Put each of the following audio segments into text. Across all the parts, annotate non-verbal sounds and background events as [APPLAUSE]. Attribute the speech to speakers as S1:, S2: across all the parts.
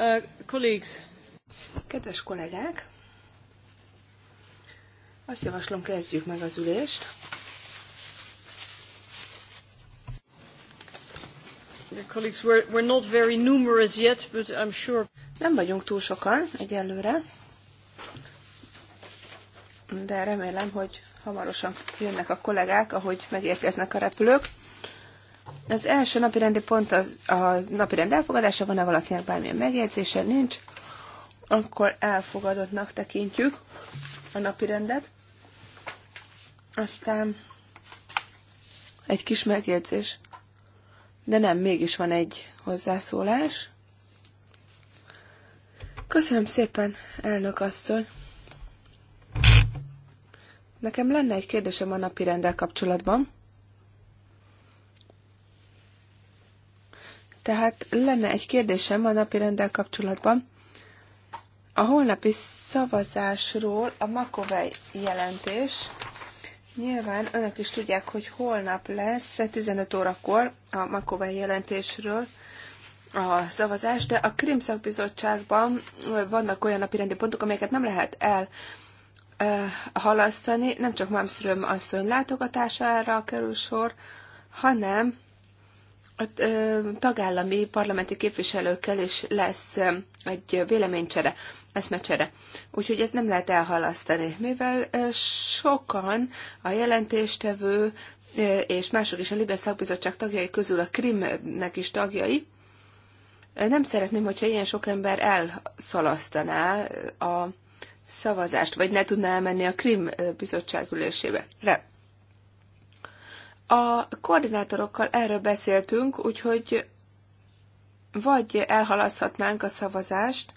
S1: Uh, colleagues. Kedves kollégák, azt javaslom, kezdjük meg az ülést.
S2: The colleagues were, were not very numerous yet, but I'm sure...
S1: Nem vagyunk túl sokan egyelőre, de remélem, hogy hamarosan jönnek a kollégák, ahogy megérkeznek a repülők. Az első napirendi pont a, a napirend elfogadása, van-e valakinek bármilyen megjegyzése? Nincs. Akkor elfogadottnak tekintjük a napirendet. Aztán egy kis megjegyzés. De nem, mégis van egy hozzászólás. Köszönöm szépen, elnök asszony. Nekem lenne egy kérdésem a napi rendel kapcsolatban. Tehát lenne egy kérdésem a napi rendel kapcsolatban. A holnapi szavazásról a Makovej jelentés. Nyilván önök is tudják, hogy holnap lesz 15 órakor a Makovej jelentésről a szavazás, de a Krim szakbizottságban vannak olyan napi rendi pontok, amelyeket nem lehet el halasztani, nem csak Mámszröm asszony látogatására kerül sor, hanem a tagállami parlamenti képviselőkkel is lesz egy véleménycsere, eszmecsere. Úgyhogy ezt nem lehet elhalasztani, mivel sokan a jelentéstevő és mások is a Libes szakbizottság tagjai közül a Krimnek is tagjai, nem szeretném, hogyha ilyen sok ember elszalasztaná a szavazást, vagy ne tudná elmenni a Krim bizottság ülésébe. Re. A koordinátorokkal erről beszéltünk, úgyhogy vagy elhalaszthatnánk a szavazást,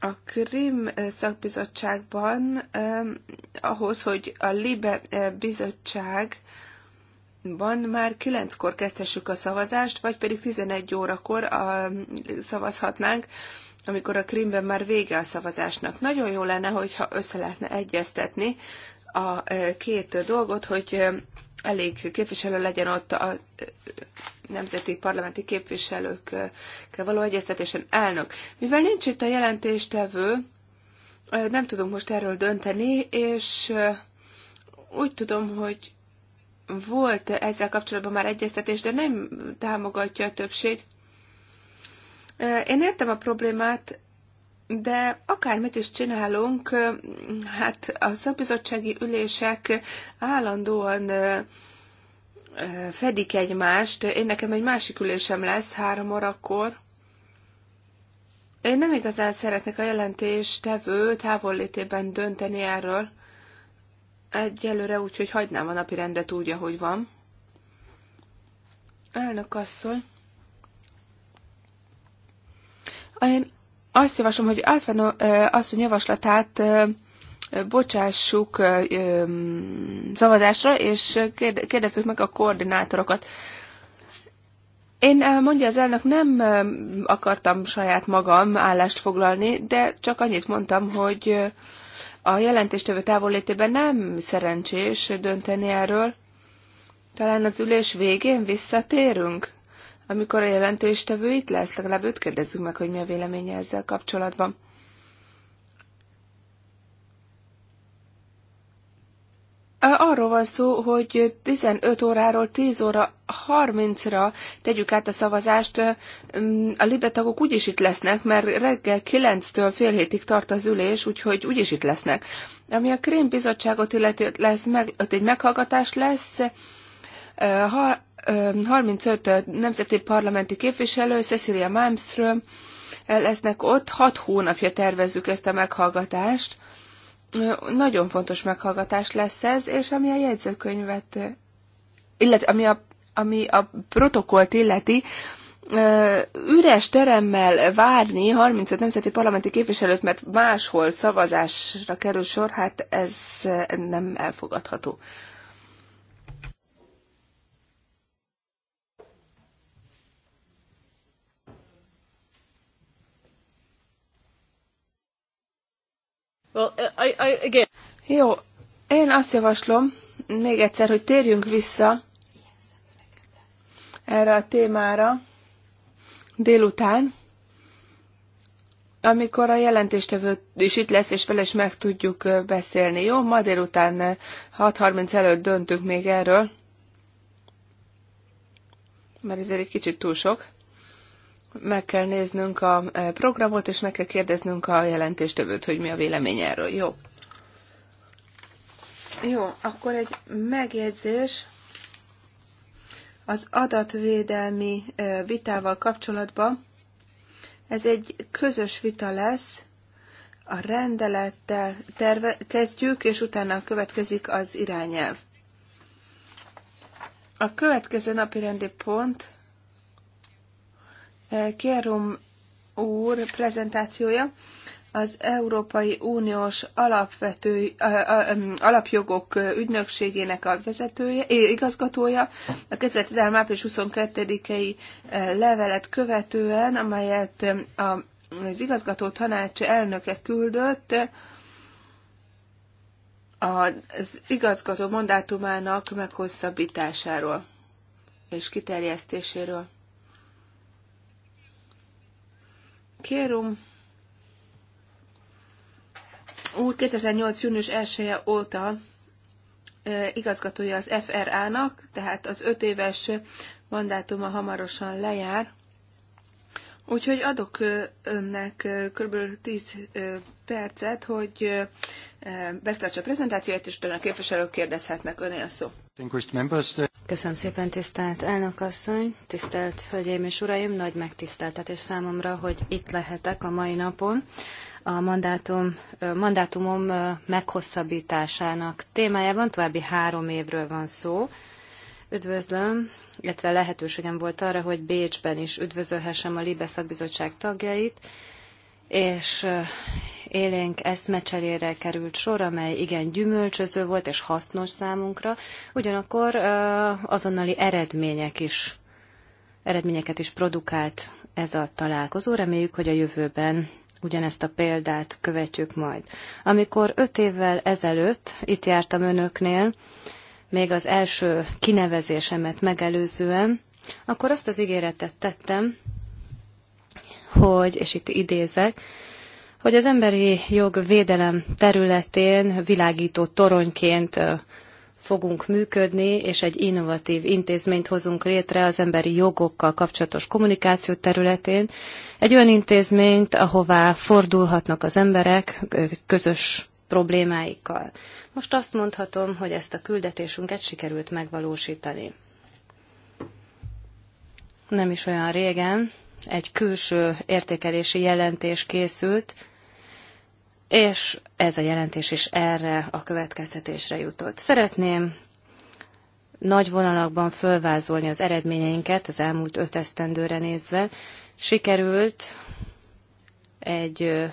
S1: a Krim szakbizottságban eh, ahhoz, hogy a Libe eh, bizottságban már 9-kor kezdhessük a szavazást, vagy pedig 11 órakor a, szavazhatnánk, amikor a Krimben már vége a szavazásnak. Nagyon jó lenne, hogyha össze lehetne egyeztetni a e, két dolgot, hogy e, elég képviselő legyen ott a e, nemzeti parlamenti képviselőkkel való egyeztetésen elnök. Mivel nincs itt a jelentéstevő, nem tudunk most erről dönteni, és úgy tudom, hogy volt ezzel kapcsolatban már egyeztetés, de nem támogatja a többség. Én értem a problémát, de akármit is csinálunk, hát a szakbizottsági ülések állandóan fedik egymást. Én nekem egy másik ülésem lesz három órakor. Én nem igazán szeretnék a jelentéstevő távollétében dönteni erről. Egyelőre úgy, hogy hagynám a napi rendet úgy, ahogy van. Elnök asszony. Én azt javaslom, hogy Alfano asszony javaslatát bocsássuk szavazásra, és kérdezzük meg a koordinátorokat. Én, mondja az elnök, nem akartam saját magam állást foglalni, de csak annyit mondtam, hogy a jelentéstevő távollétében nem szerencsés dönteni erről. Talán az ülés végén visszatérünk? amikor a jelentéstevő itt lesz, legalább őt kérdezzük meg, hogy mi a véleménye ezzel kapcsolatban. Arról van szó, hogy 15 óráról 10 óra 30-ra tegyük át a szavazást. A libetagok úgyis itt lesznek, mert reggel 9-től fél hétig tart az ülés, úgyhogy úgyis itt lesznek. Ami a Krém bizottságot illeti, lesz meg, ott egy meghallgatás lesz, ha 35 nemzeti parlamenti képviselő, Cecilia Malmström eh, lesznek ott, 6 hónapja tervezzük ezt a meghallgatást. Nagyon fontos meghallgatás lesz ez, és ami a jegyzőkönyvet, illetve ami a, ami a protokollt illeti, üres teremmel várni 35 nemzeti parlamenti képviselőt, mert máshol szavazásra kerül sor, hát ez nem elfogadható.
S2: Well, I, I, again.
S1: Jó, én azt javaslom, még egyszer, hogy térjünk vissza erre a témára délután, amikor a jelentéstevő is itt lesz, és vele is meg tudjuk beszélni. Jó, ma délután 6.30 előtt döntünk még erről, mert ezért egy kicsit túl sok meg kell néznünk a e, programot, és meg kell kérdeznünk a jelentéstövőt, hogy mi a véleménye erről. Jó. Jó, akkor egy megjegyzés az adatvédelmi e, vitával kapcsolatban. Ez egy közös vita lesz, a rendelettel terve, kezdjük, és utána következik az irányelv. A következő napi rendi pont Kérum úr prezentációja az Európai Uniós alapvető, alapjogok ügynökségének a vezetője, igazgatója a 2013. április 22-i levelet követően, amelyet az igazgató tanács elnöke küldött, az igazgató mandátumának meghosszabbításáról és kiterjesztéséről. Kérum úr 2008. június 1 -e óta igazgatója az FRA-nak, tehát az öt éves mandátuma hamarosan lejár. Úgyhogy adok önnek kb. 10 percet, hogy betartsa a prezentációját, és utána a képviselők
S3: kérdezhetnek önél szó. Köszönöm szépen, tisztelt elnökasszony, tisztelt hölgyeim és uraim, nagy megtiszteltetés számomra, hogy itt lehetek a mai napon a mandátum, mandátumom meghosszabbításának témájában. További három évről van szó. Üdvözlöm, illetve lehetőségem volt arra, hogy Bécsben is üdvözölhessem a Libe szakbizottság tagjait, és élénk eszmecserére került sor, amely igen gyümölcsöző volt és hasznos számunkra, ugyanakkor azonnali eredmények is, eredményeket is produkált ez a találkozó. Reméljük, hogy a jövőben ugyanezt a példát követjük majd. Amikor öt évvel ezelőtt itt jártam önöknél, még az első kinevezésemet megelőzően, akkor azt az ígéretet tettem, hogy, és itt idézek, hogy az emberi jog védelem területén világító toronyként fogunk működni, és egy innovatív intézményt hozunk létre az emberi jogokkal kapcsolatos kommunikáció területén. Egy olyan intézményt, ahová fordulhatnak az emberek közös problémáikkal. Most azt mondhatom, hogy ezt a küldetésünket sikerült megvalósítani. Nem is olyan régen, egy külső értékelési jelentés készült, és ez a jelentés is erre a következtetésre jutott. Szeretném nagy vonalakban fölvázolni az eredményeinket az elmúlt öt esztendőre nézve. Sikerült egy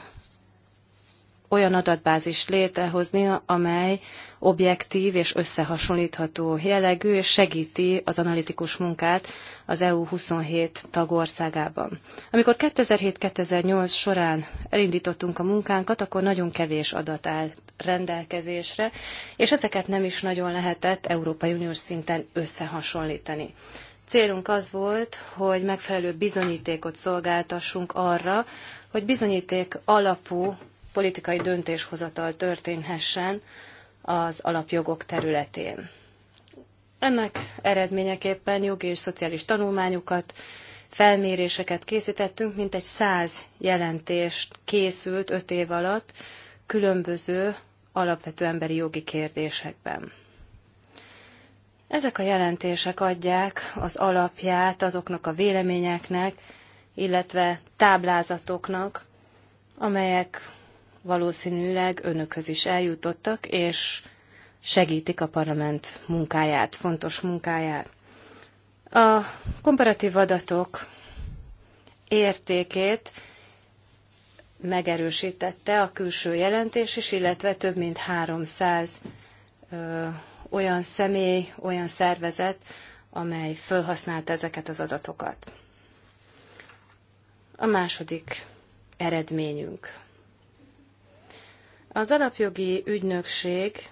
S3: olyan adatbázis létrehozni, amely objektív és összehasonlítható jellegű, és segíti az analitikus munkát az EU 27 tagországában. Amikor 2007-2008 során elindítottunk a munkánkat, akkor nagyon kevés adat áll rendelkezésre, és ezeket nem is nagyon lehetett Európai Uniós szinten összehasonlítani. Célunk az volt, hogy megfelelő bizonyítékot szolgáltassunk arra, hogy bizonyíték alapú politikai döntéshozatal történhessen az alapjogok területén. Ennek eredményeképpen jogi és szociális tanulmányokat, felméréseket készítettünk, mint egy száz jelentést készült öt év alatt különböző alapvető emberi jogi kérdésekben. Ezek a jelentések adják az alapját azoknak a véleményeknek, illetve táblázatoknak, amelyek valószínűleg önökhöz is eljutottak, és segítik a parlament munkáját, fontos munkáját. A komparatív adatok értékét megerősítette a külső jelentés is, illetve több mint 300 ö, olyan személy, olyan szervezet, amely felhasználta ezeket az adatokat. A második eredményünk. Az alapjogi ügynökség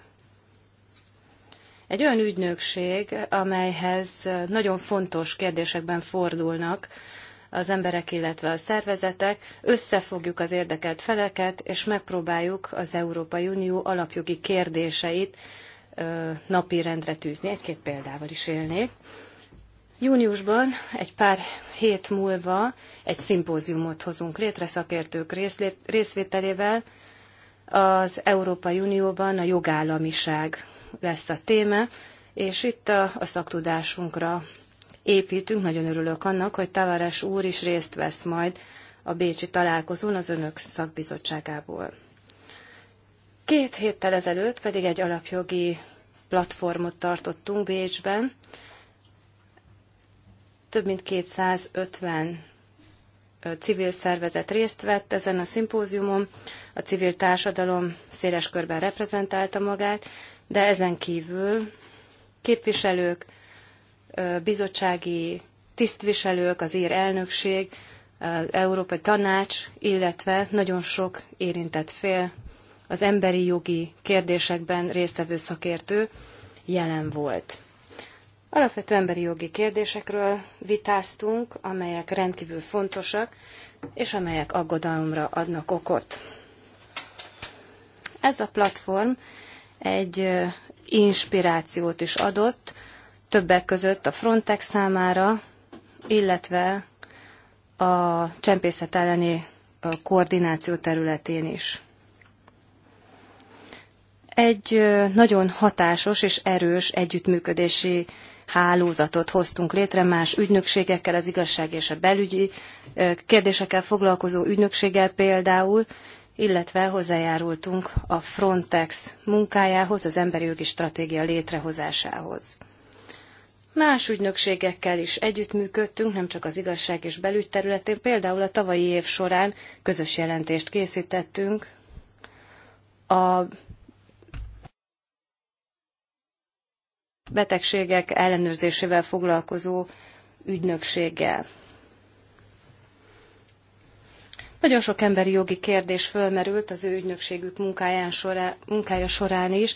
S3: egy olyan ügynökség, amelyhez nagyon fontos kérdésekben fordulnak az emberek, illetve a szervezetek, összefogjuk az érdekelt feleket, és megpróbáljuk az Európai Unió alapjogi kérdéseit napirendre tűzni. Egy-két példával is élnék. Júniusban, egy pár hét múlva egy szimpóziumot hozunk létre szakértők részvételével, az Európai Unióban a jogállamiság lesz a téma, és itt a, a szaktudásunkra építünk. Nagyon örülök annak, hogy Tavares úr is részt vesz majd a Bécsi találkozón az önök szakbizottságából. Két héttel ezelőtt pedig egy alapjogi platformot tartottunk Bécsben. Több mint 250 civil szervezet részt vett ezen a szimpóziumon, a civil társadalom széles körben reprezentálta magát, de ezen kívül képviselők, bizottsági tisztviselők, az ír elnökség, az Európai Tanács, illetve nagyon sok érintett fél, az emberi jogi kérdésekben résztvevő szakértő jelen volt. Alapvető emberi jogi kérdésekről vitáztunk, amelyek rendkívül fontosak, és amelyek aggodalomra adnak okot. Ez a platform egy inspirációt is adott, többek között a Frontex számára, illetve a csempészet elleni koordináció területén is. Egy nagyon hatásos és erős együttműködési hálózatot hoztunk létre más ügynökségekkel, az igazság és a belügyi kérdésekkel foglalkozó ügynökséggel például, illetve hozzájárultunk a Frontex munkájához, az emberi jogi stratégia létrehozásához. Más ügynökségekkel is együttműködtünk, nem csak az igazság és belügy területén, például a tavalyi év során közös jelentést készítettünk a betegségek ellenőrzésével foglalkozó ügynökséggel. Nagyon sok emberi jogi kérdés fölmerült az ő ügynökségük munkáján során, munkája során is,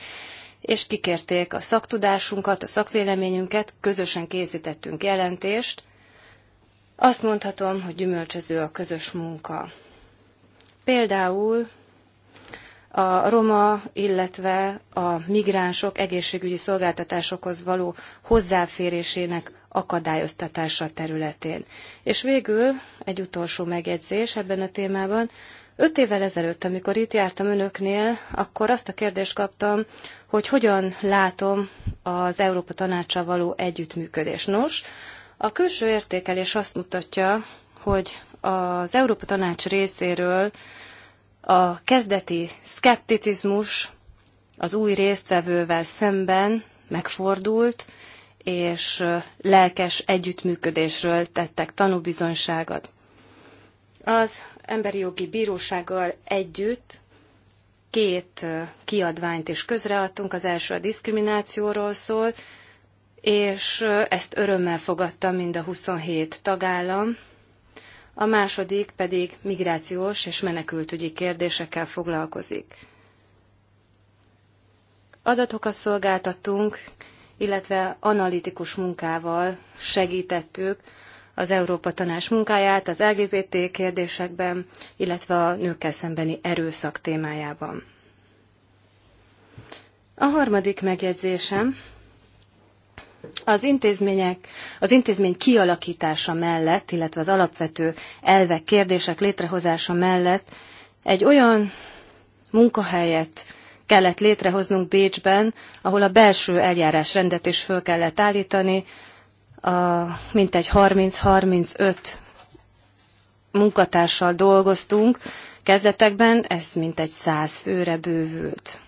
S3: és kikérték a szaktudásunkat, a szakvéleményünket, közösen készítettünk jelentést. Azt mondhatom, hogy gyümölcsöző a közös munka. Például a roma, illetve a migránsok egészségügyi szolgáltatásokhoz való hozzáférésének akadályoztatása területén. És végül egy utolsó megjegyzés ebben a témában. Öt évvel ezelőtt, amikor itt jártam önöknél, akkor azt a kérdést kaptam, hogy hogyan látom az Európa tanácsa való együttműködés. Nos, a külső értékelés azt mutatja, hogy az Európa Tanács részéről a kezdeti szkepticizmus az új résztvevővel szemben megfordult, és lelkes együttműködésről tettek tanúbizonyságot. Az Emberi Jogi Bírósággal együtt két kiadványt is közreadtunk, az első a diszkriminációról szól, és ezt örömmel fogadta mind a 27 tagállam, a második pedig migrációs és menekültügyi kérdésekkel foglalkozik. Adatokat szolgáltattunk, illetve analitikus munkával segítettük az Európa Tanács munkáját az LGBT kérdésekben, illetve a nőkkel szembeni erőszak témájában. A harmadik megjegyzésem az intézmények, az intézmény kialakítása mellett, illetve az alapvető elvek, kérdések létrehozása mellett egy olyan munkahelyet kellett létrehoznunk Bécsben, ahol a belső eljárásrendet is föl kellett állítani, a mintegy 30-35 munkatársal dolgoztunk, kezdetekben ez mintegy 100 főre bővült.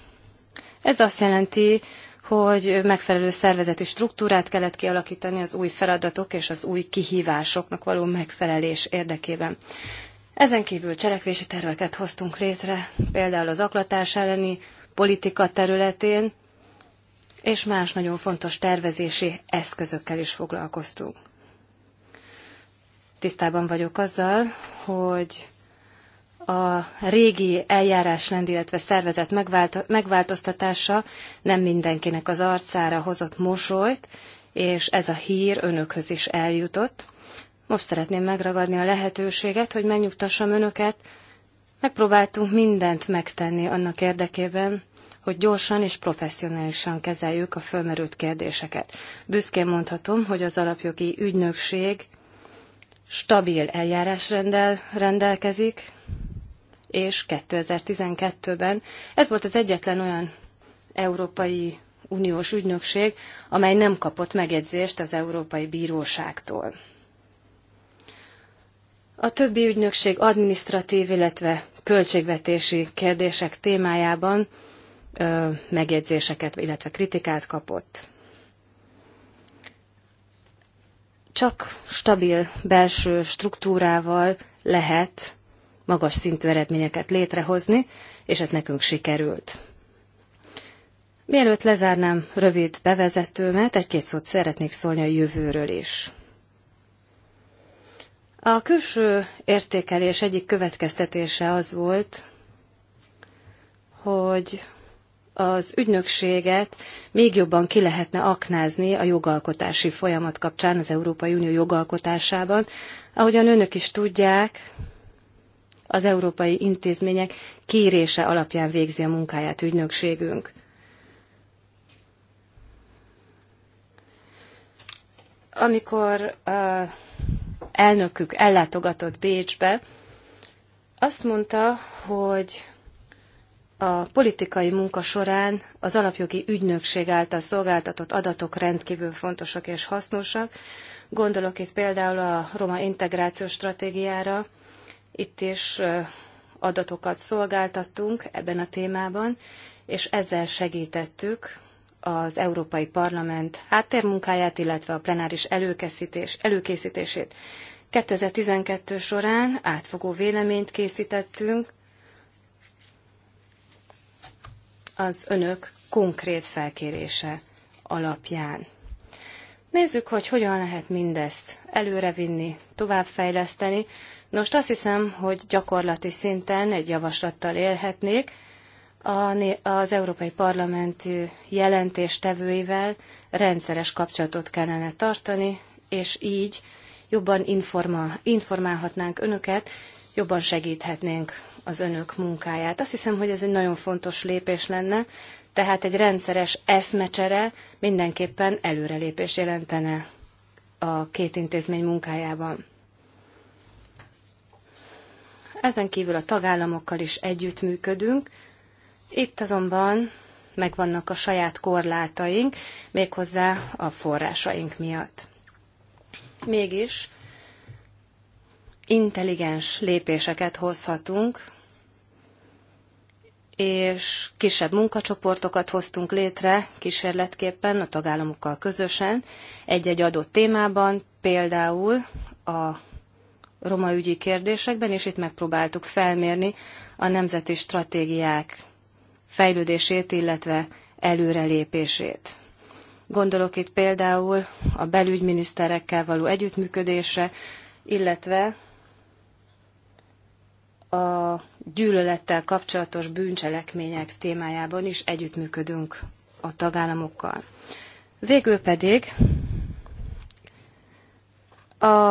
S3: Ez azt jelenti, hogy megfelelő szervezeti struktúrát kellett kialakítani az új feladatok és az új kihívásoknak való megfelelés érdekében. Ezen kívül cselekvési terveket hoztunk létre, például az aklatás elleni politika területén, és más nagyon fontos tervezési eszközökkel is foglalkoztunk. Tisztában vagyok azzal, hogy a régi eljárásrend, illetve szervezet megváltoztatása nem mindenkinek az arcára hozott mosolyt, és ez a hír önökhöz is eljutott. Most szeretném megragadni a lehetőséget, hogy megnyugtassam önöket. Megpróbáltunk mindent megtenni annak érdekében, hogy gyorsan és professzionálisan kezeljük a fölmerült kérdéseket. Büszkén mondhatom, hogy az alapjogi ügynökség stabil eljárásrendel rendelkezik, és 2012-ben. Ez volt az egyetlen olyan európai uniós ügynökség, amely nem kapott megjegyzést az Európai Bíróságtól. A többi ügynökség administratív, illetve költségvetési kérdések témájában ö, megjegyzéseket, illetve kritikát kapott. Csak stabil belső struktúrával lehet magas szintű eredményeket létrehozni, és ez nekünk sikerült. Mielőtt lezárnám rövid bevezetőmet, egy-két szót szeretnék szólni a jövőről is. A külső értékelés egyik következtetése az volt, hogy az ügynökséget még jobban ki lehetne aknázni a jogalkotási folyamat kapcsán az Európai Unió jogalkotásában. Ahogyan önök is tudják, az európai intézmények kérése alapján végzi a munkáját ügynökségünk. Amikor uh, elnökük ellátogatott Bécsbe, azt mondta, hogy a politikai munka során az alapjogi ügynökség által szolgáltatott adatok rendkívül fontosak és hasznosak. Gondolok itt például a roma integrációs stratégiára, itt is adatokat szolgáltattunk ebben a témában, és ezzel segítettük az Európai Parlament háttérmunkáját, illetve a plenáris előkészítés, előkészítését. 2012 során átfogó véleményt készítettünk az önök konkrét felkérése alapján. Nézzük, hogy hogyan lehet mindezt előrevinni, továbbfejleszteni, Nos, azt hiszem, hogy gyakorlati szinten egy javaslattal élhetnék az Európai Parlament jelentéstevőivel rendszeres kapcsolatot kellene tartani, és így jobban informa, informálhatnánk önöket, jobban segíthetnénk az önök munkáját. Azt hiszem, hogy ez egy nagyon fontos lépés lenne, tehát egy rendszeres eszmecsere mindenképpen előrelépés jelentene a két intézmény munkájában ezen kívül a tagállamokkal is együttműködünk. Itt azonban megvannak a saját korlátaink, méghozzá a forrásaink miatt. Mégis intelligens lépéseket hozhatunk, és kisebb munkacsoportokat hoztunk létre kísérletképpen a tagállamokkal közösen egy-egy adott témában, például a roma ügyi kérdésekben, és itt megpróbáltuk felmérni a nemzeti stratégiák fejlődését, illetve előrelépését. Gondolok itt például a belügyminiszterekkel való együttműködésre, illetve a gyűlölettel kapcsolatos bűncselekmények témájában is együttműködünk a tagállamokkal. Végül pedig a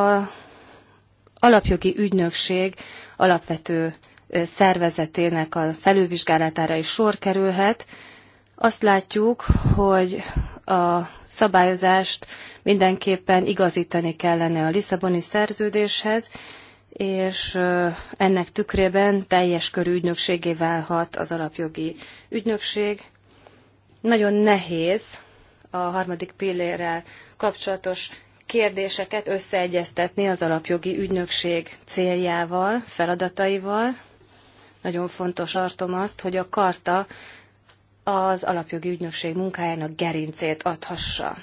S3: alapjogi ügynökség alapvető szervezetének a felülvizsgálatára is sor kerülhet. Azt látjuk, hogy a szabályozást mindenképpen igazítani kellene a Lisszaboni szerződéshez, és ennek tükrében teljes körű ügynökségé válhat az alapjogi ügynökség. Nagyon nehéz a harmadik pillérrel kapcsolatos kérdéseket összeegyeztetni az alapjogi ügynökség céljával, feladataival. Nagyon fontos tartom azt, hogy a karta az alapjogi ügynökség munkájának gerincét adhassa.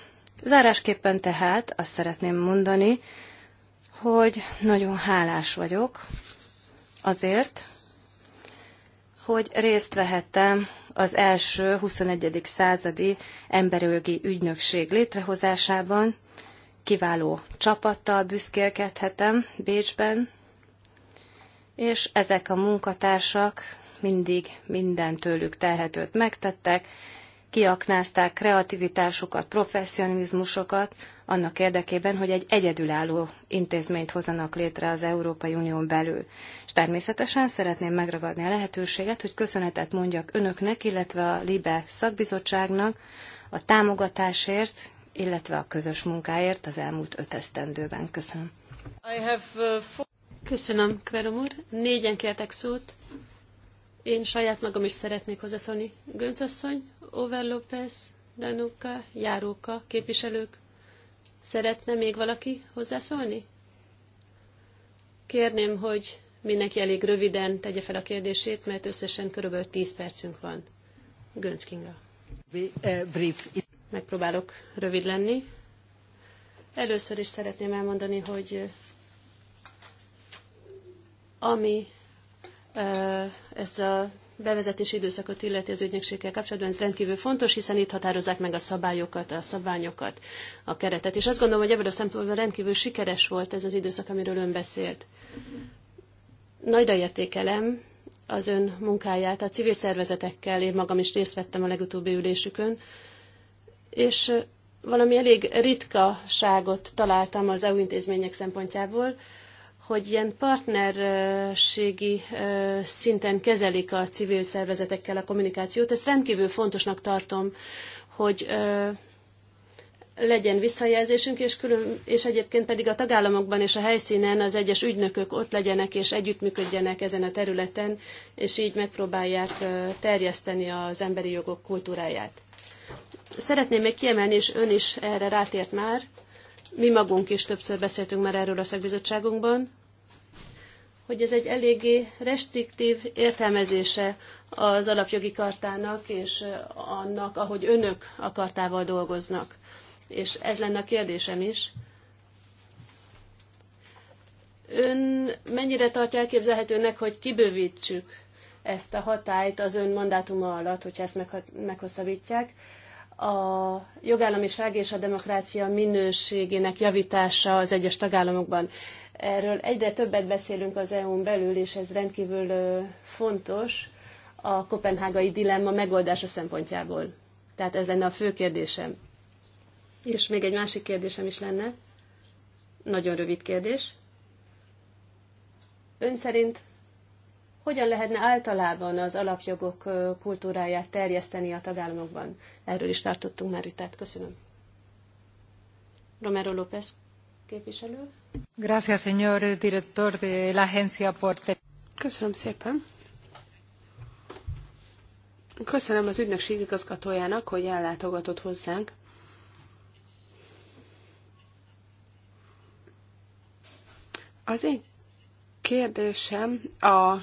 S3: Zárásképpen tehát azt szeretném mondani, hogy nagyon hálás vagyok azért, hogy részt vehettem az első 21. századi emberjogi ügynökség létrehozásában, kiváló csapattal büszkélkedhetem Bécsben, és ezek a munkatársak mindig minden tőlük telhetőt megtettek, kiaknázták kreativitásukat, professzionizmusokat annak érdekében, hogy egy egyedülálló intézményt hozzanak létre az Európai Unión belül. És természetesen szeretném megragadni a lehetőséget, hogy köszönetet mondjak önöknek, illetve a LIBE szakbizottságnak a támogatásért, illetve a közös munkáért az elmúlt öt esztendőben. Köszönöm.
S2: Uh, Köszönöm, Kverom úr. Négyen kértek szót. Én saját magam is szeretnék hozzászólni. Gönczasszony, Over López, Danuka, Járóka, képviselők. Szeretne még valaki hozzászólni? Kérném, hogy mindenki elég röviden tegye fel a kérdését, mert összesen körülbelül 10 percünk van. Gönc Kinga. Uh, brief megpróbálok rövid lenni. Először is szeretném elmondani, hogy eh, ami eh, ez a bevezetési időszakot illeti az ügynökséggel kapcsolatban, ez rendkívül fontos, hiszen itt határozzák meg a szabályokat, a szabványokat, a keretet. És azt gondolom, hogy ebből a szempontból rendkívül sikeres volt ez az időszak, amiről ön beszélt. Nagyra értékelem az ön munkáját a civil szervezetekkel, én magam is részt vettem a legutóbbi ülésükön, és valami elég ritkaságot találtam az EU intézmények szempontjából, hogy ilyen partnerségi szinten kezelik a civil szervezetekkel a kommunikációt. Ezt rendkívül fontosnak tartom, hogy legyen visszajelzésünk, és, külön, és egyébként pedig a tagállamokban és a helyszínen az egyes ügynökök ott legyenek és együttműködjenek ezen a területen, és így megpróbálják terjeszteni az emberi jogok kultúráját. Szeretném még kiemelni, és ön is erre rátért már, mi magunk is többször beszéltünk már erről a szakbizottságunkban, hogy ez egy eléggé restriktív értelmezése az alapjogi kartának és annak, ahogy önök a kartával dolgoznak. És ez lenne a kérdésem is. Ön mennyire tartja elképzelhetőnek, hogy kibővítsük ezt a hatályt az ön mandátuma alatt, hogyha ezt meghosszabbítják, a jogállamiság és a demokrácia minőségének javítása az egyes tagállamokban. Erről egyre többet beszélünk az EU-n belül, és ez rendkívül fontos a kopenhágai dilemma megoldása szempontjából. Tehát ez lenne a fő kérdésem. És még egy másik kérdésem is lenne. Nagyon rövid kérdés. Ön szerint hogyan lehetne általában az alapjogok kultúráját terjeszteni a tagállamokban? Erről is tartottunk már vitát. Köszönöm. Romero López képviselő. Gracias,
S1: señor director de la agencia Porte. Köszönöm szépen.
S2: Köszönöm az ügynökség igazgatójának, hogy ellátogatott hozzánk.
S1: Az én kérdésem a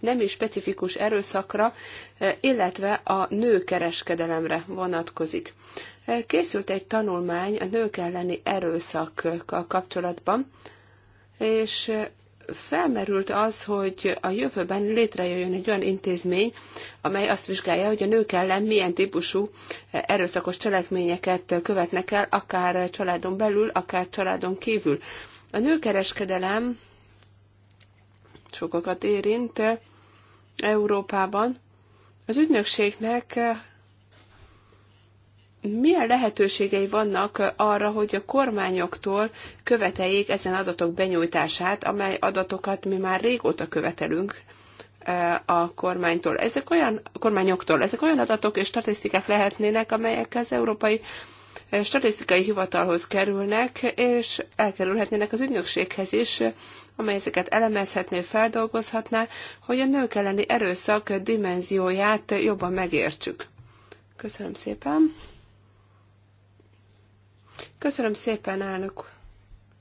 S1: nemi specifikus erőszakra, illetve a nőkereskedelemre vonatkozik. Készült egy tanulmány a nők elleni erőszakkal kapcsolatban, és felmerült az, hogy a jövőben létrejöjjön egy olyan intézmény, amely azt vizsgálja, hogy a nők ellen milyen típusú erőszakos cselekményeket követnek el, akár családon belül, akár családon kívül. A nőkereskedelem sokakat érint eh, Európában. Az ügynökségnek eh, milyen lehetőségei vannak eh, arra, hogy a kormányoktól követeljék ezen adatok benyújtását, amely adatokat mi már régóta követelünk a kormánytól. Ezek olyan a kormányoktól, ezek olyan adatok és statisztikák lehetnének, amelyek az európai statisztikai hivatalhoz kerülnek, és elkerülhetnének az ügynökséghez is, amely ezeket elemezhetné, feldolgozhatná, hogy a nők elleni erőszak dimenzióját jobban megértsük. Köszönöm szépen. Köszönöm szépen, elnök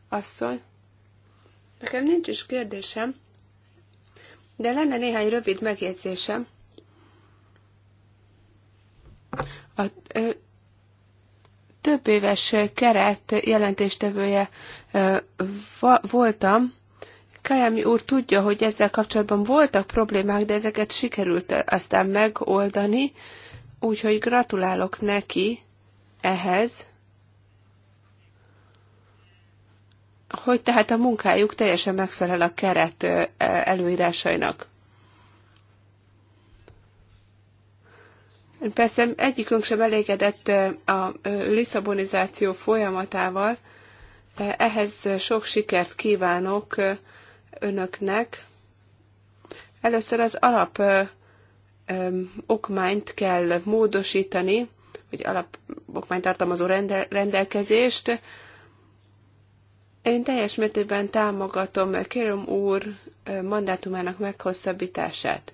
S1: asszony. Nekem nincs is kérdésem, de lenne néhány rövid megjegyzésem. A, több éves keret jelentéstevője voltam. Kajami úr tudja, hogy ezzel kapcsolatban voltak problémák, de ezeket sikerült aztán megoldani, úgyhogy gratulálok neki ehhez. hogy tehát a munkájuk teljesen megfelel a keret előírásainak. Persze egyikünk sem elégedett a liszabonizáció folyamatával, ehhez sok sikert kívánok önöknek. Először az alap okmányt kell módosítani, vagy alap okmányt tartalmazó rendelkezést. Én teljes mértékben támogatom Kérom úr mandátumának meghosszabbítását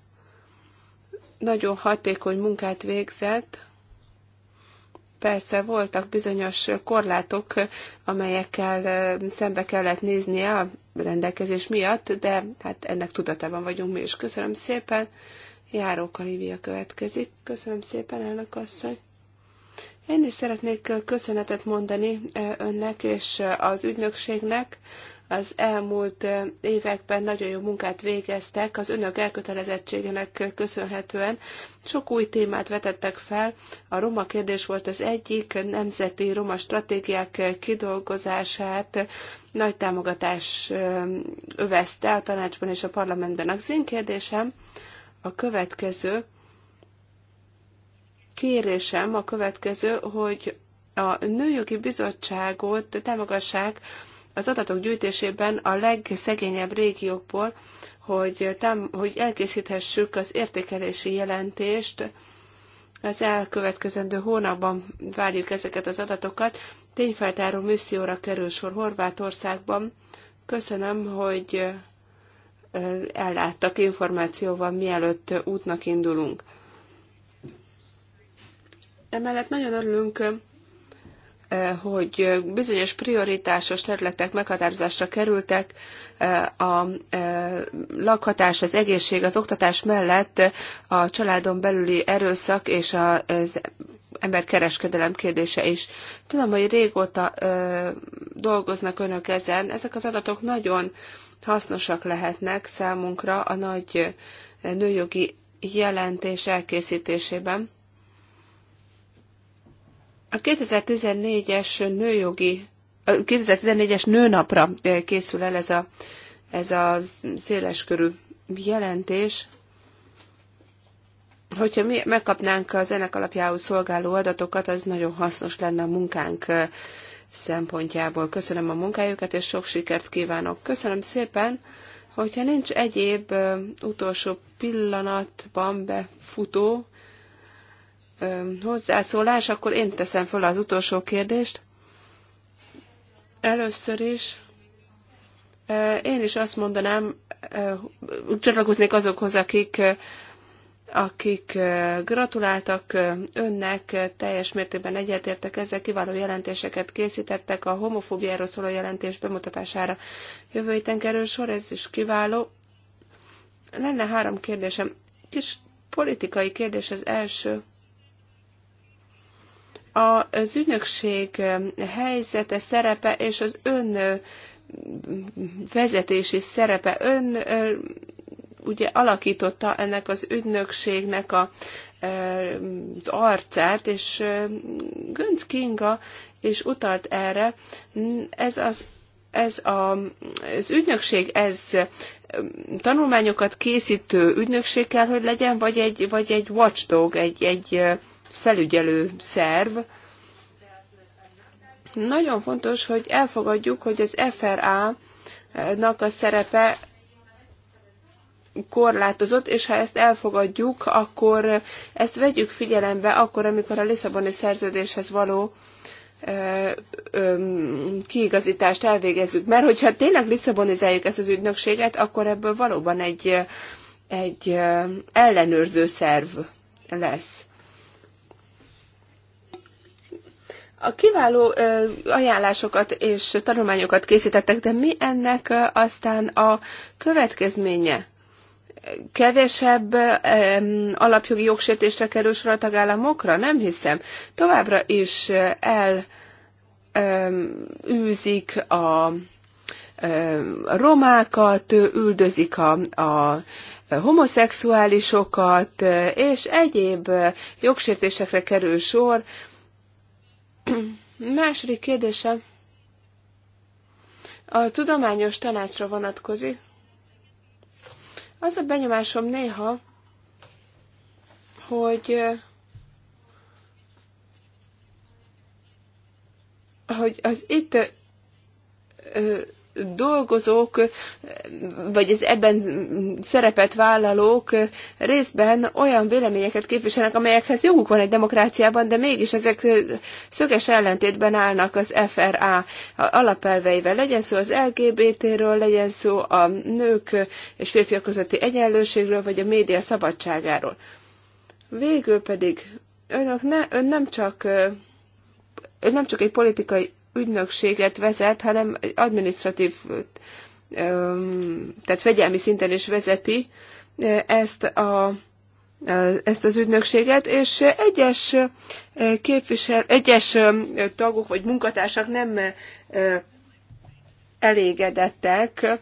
S1: nagyon hatékony munkát végzett. Persze voltak bizonyos korlátok, amelyekkel szembe kellett néznie a rendelkezés miatt, de hát ennek tudatában vagyunk mi is. Köszönöm szépen. Járó Kalívia következik. Köszönöm szépen, elnök asszony. Én is szeretnék köszönetet mondani önnek és az ügynökségnek az elmúlt években nagyon jó munkát végeztek, az önök elkötelezettségének köszönhetően. Sok új témát vetettek fel, a roma kérdés volt az egyik, nemzeti roma stratégiák kidolgozását nagy támogatás övezte a tanácsban és a parlamentben. Az én kérdésem a következő, kérésem a következő, hogy a Nőjogi Bizottságot támogassák az adatok gyűjtésében a legszegényebb régiókból, hogy, tám, hogy elkészíthessük az értékelési jelentést. Az elkövetkezendő hónapban várjuk ezeket az adatokat. Tényfeltáró misszióra kerül sor Horvátországban. Köszönöm, hogy elláttak információval, mielőtt útnak indulunk. Emellett nagyon örülünk hogy bizonyos prioritásos területek meghatározásra kerültek, a lakhatás, az egészség, az oktatás mellett a családon belüli erőszak és az emberkereskedelem kérdése is. Tudom, hogy régóta dolgoznak önök ezen, ezek az adatok nagyon hasznosak lehetnek számunkra a nagy nőjogi jelentés elkészítésében a 2014-es nőjogi, a 2014-es nőnapra eh, készül el ez a, ez a széleskörű jelentés, hogyha mi megkapnánk az ennek alapjául szolgáló adatokat, az nagyon hasznos lenne a munkánk eh, szempontjából. Köszönöm a munkájukat, és sok sikert kívánok. Köszönöm szépen, hogyha nincs egyéb eh, utolsó pillanatban befutó, hozzászólás, akkor én teszem föl az utolsó kérdést. Először is én is azt mondanám, csatlakoznék azokhoz, akik akik gratuláltak önnek, teljes mértékben egyetértek ezzel, kiváló jelentéseket készítettek a homofóbiáról szóló jelentés bemutatására. Jövő héten kerül sor, ez is kiváló. Lenne három kérdésem. Kis politikai kérdés az első. Az ügynökség helyzete, szerepe és az ön vezetési szerepe. Ön ugye alakította ennek az ügynökségnek a, az arcát, és Gönc Kinga is utalt erre. Ez az ez a, az ügynökség, ez tanulmányokat készítő ügynökség kell, hogy legyen, vagy egy, vagy egy watchdog, egy, egy felügyelő szerv. Nagyon fontos, hogy elfogadjuk, hogy az FRA-nak a szerepe korlátozott, és ha ezt elfogadjuk, akkor ezt vegyük figyelembe akkor, amikor a Lisszaboni szerződéshez való kiigazítást elvégezzük. Mert hogyha tényleg lisszabonizáljuk ezt az ügynökséget, akkor ebből valóban egy, egy ellenőrző szerv lesz. A kiváló ajánlásokat és tanulmányokat készítettek, de mi ennek aztán a következménye? Kevesebb alapjogi jogsértésre kerül sor a tagállamokra? Nem hiszem. Továbbra is elűzik a romákat, üldözik a, a homoszexuálisokat, és egyéb jogsértésekre kerül sor, [CLEARS THROAT] Második kérdésem a tudományos tanácsra vonatkozik. Az a benyomásom néha, hogy hogy az itt dolgozók, vagy az ebben szerepet vállalók részben olyan véleményeket képviselnek, amelyekhez joguk van egy demokráciában, de mégis ezek szöges ellentétben állnak az FRA alapelveivel. Legyen szó az LGBT-ről, legyen szó a nők és férfiak közötti egyenlőségről, vagy a média szabadságáról. Végül pedig önök ne, ön nem csak ön nem csak egy politikai ügynökséget vezet, hanem egy administratív, tehát fegyelmi szinten is vezeti ezt a ezt az ügynökséget, és egyes képvisel, egyes tagok vagy munkatársak nem elégedettek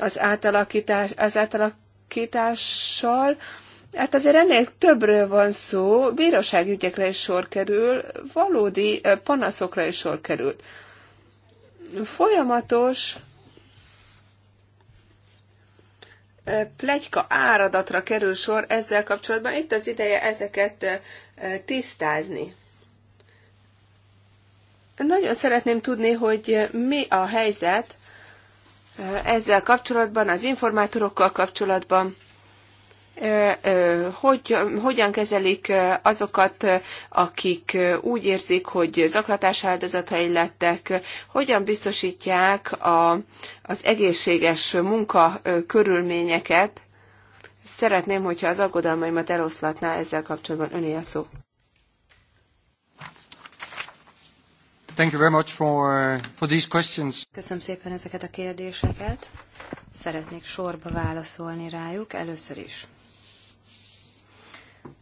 S1: az, átalakítás, az átalakítással, Hát azért ennél többről van szó, bíróságügyekre is sor kerül, valódi panaszokra is sor kerül. Folyamatos plegyka áradatra kerül sor ezzel kapcsolatban, itt az ideje ezeket tisztázni. Nagyon szeretném tudni, hogy mi a helyzet ezzel kapcsolatban, az informátorokkal kapcsolatban hogy, hogyan kezelik azokat, akik úgy érzik, hogy zaklatás áldozatai lettek, hogyan biztosítják a, az egészséges munka körülményeket. Szeretném, hogyha az aggodalmaimat
S3: eloszlatná ezzel kapcsolatban öné a szó.
S1: Thank you very much for, uh, for these questions.
S3: Köszönöm szépen ezeket a kérdéseket. Szeretnék sorba válaszolni rájuk először is.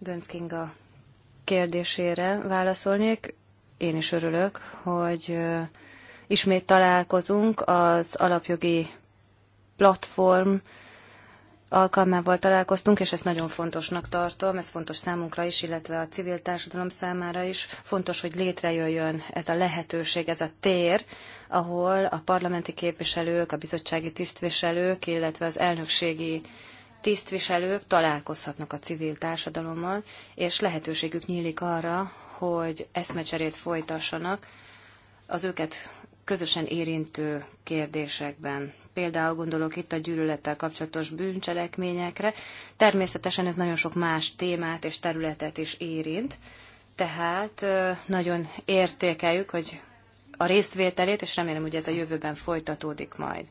S3: Gönc Kinga kérdésére válaszolnék. Én is örülök, hogy ismét találkozunk az alapjogi platform alkalmával találkoztunk, és ezt nagyon fontosnak tartom, ez fontos számunkra is, illetve a civil társadalom számára is. Fontos, hogy létrejöjjön ez a lehetőség, ez a tér, ahol a parlamenti képviselők, a bizottsági tisztviselők, illetve az elnökségi tisztviselők találkozhatnak a civil társadalommal, és lehetőségük nyílik arra, hogy eszmecserét folytassanak az őket közösen érintő kérdésekben. Például gondolok itt a gyűlölettel kapcsolatos bűncselekményekre. Természetesen ez nagyon sok más témát és területet is érint, tehát nagyon értékeljük, hogy a részvételét, és remélem, hogy ez a jövőben folytatódik majd.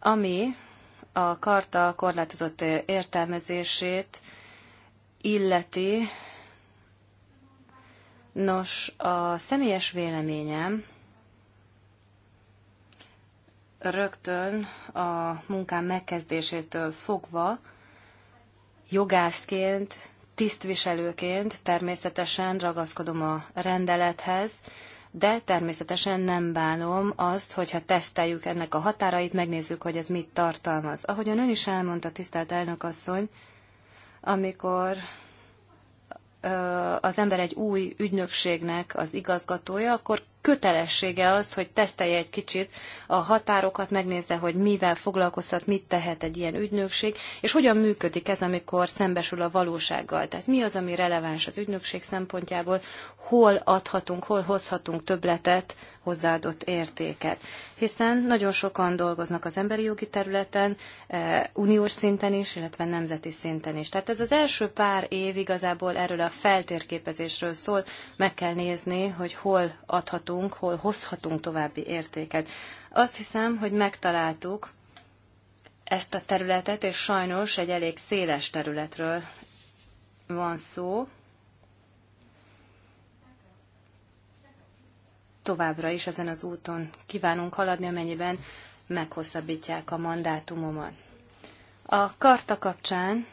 S3: Ami a karta korlátozott értelmezését illeti, nos, a személyes véleményem rögtön a munkám megkezdésétől fogva jogászként, tisztviselőként természetesen ragaszkodom a rendelethez, de természetesen nem bánom azt, hogyha teszteljük ennek a határait, megnézzük, hogy ez mit tartalmaz. Ahogyan ön is elmondta, tisztelt elnök asszony, amikor az ember egy új ügynökségnek az igazgatója, akkor kötelessége az, hogy tesztelje egy kicsit a határokat, megnézze, hogy mivel foglalkozhat, mit tehet egy ilyen ügynökség, és hogyan működik ez, amikor szembesül a valósággal. Tehát mi az, ami releváns az ügynökség szempontjából, hol adhatunk, hol hozhatunk többletet hozzáadott értéket. Hiszen nagyon sokan dolgoznak az emberi jogi területen, eh, uniós szinten is, illetve nemzeti szinten is. Tehát ez az első pár év igazából erről a feltérképezésről szól, meg kell nézni, hogy hol adhatunk, hol hozhatunk további értéket. Azt hiszem, hogy megtaláltuk ezt a területet, és sajnos egy elég széles területről van szó, továbbra is ezen az úton kívánunk haladni, amennyiben meghosszabbítják a mandátumomat. A karta kapcsán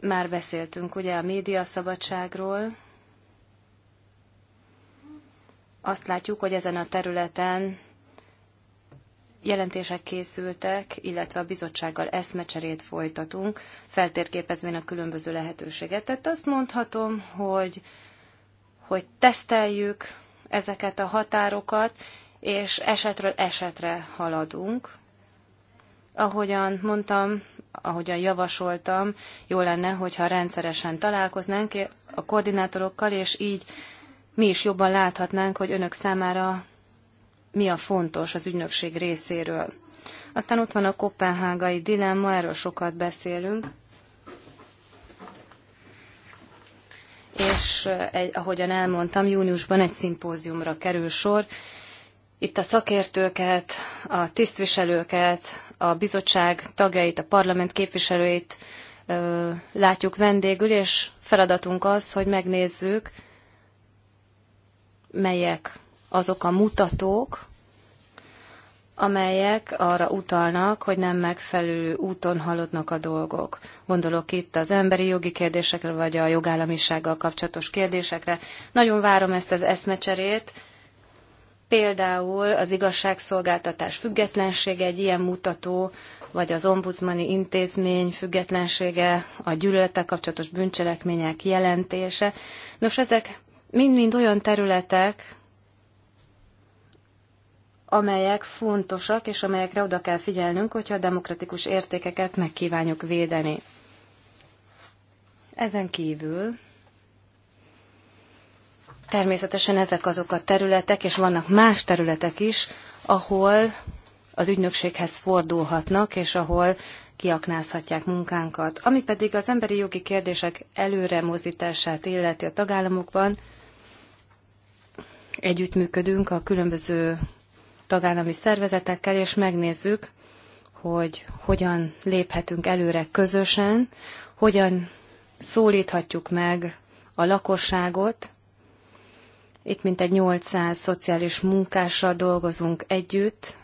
S3: már beszéltünk ugye a médiaszabadságról. Azt látjuk, hogy ezen a területen jelentések készültek, illetve a bizottsággal eszmecserét folytatunk, feltérképezvén a különböző lehetőséget. Tehát azt mondhatom, hogy hogy teszteljük ezeket a határokat, és esetről esetre haladunk. Ahogyan mondtam, ahogyan javasoltam, jó lenne, hogyha rendszeresen találkoznánk a koordinátorokkal, és így mi is jobban láthatnánk, hogy önök számára mi a fontos az ügynökség részéről. Aztán ott van a kopenhágai dilemma, erről sokat beszélünk. és eh, egy, ahogyan elmondtam, júniusban egy szimpóziumra kerül sor. Itt a szakértőket, a tisztviselőket, a bizottság tagjait, a parlament képviselőit ö, látjuk vendégül, és feladatunk az, hogy megnézzük, melyek azok a mutatók, amelyek arra utalnak, hogy nem megfelelő úton haladnak a dolgok. Gondolok itt az emberi jogi kérdésekre, vagy a jogállamisággal kapcsolatos kérdésekre. Nagyon várom ezt az eszmecserét. Például az igazságszolgáltatás függetlensége egy ilyen mutató, vagy az ombudsmani intézmény függetlensége, a gyűlöletek kapcsolatos bűncselekmények jelentése. Nos, ezek mind-mind olyan területek, amelyek fontosak, és amelyekre oda kell figyelnünk, hogyha a demokratikus értékeket meg kívánjuk védeni. Ezen kívül természetesen ezek azok a területek, és vannak más területek is, ahol az ügynökséghez fordulhatnak, és ahol kiaknázhatják munkánkat. Ami pedig az emberi jogi kérdések előremozdítását illeti a tagállamokban, együttműködünk a különböző tagállami szervezetekkel, és megnézzük, hogy hogyan léphetünk előre közösen, hogyan szólíthatjuk meg a lakosságot. Itt mintegy 800 szociális munkással dolgozunk együtt,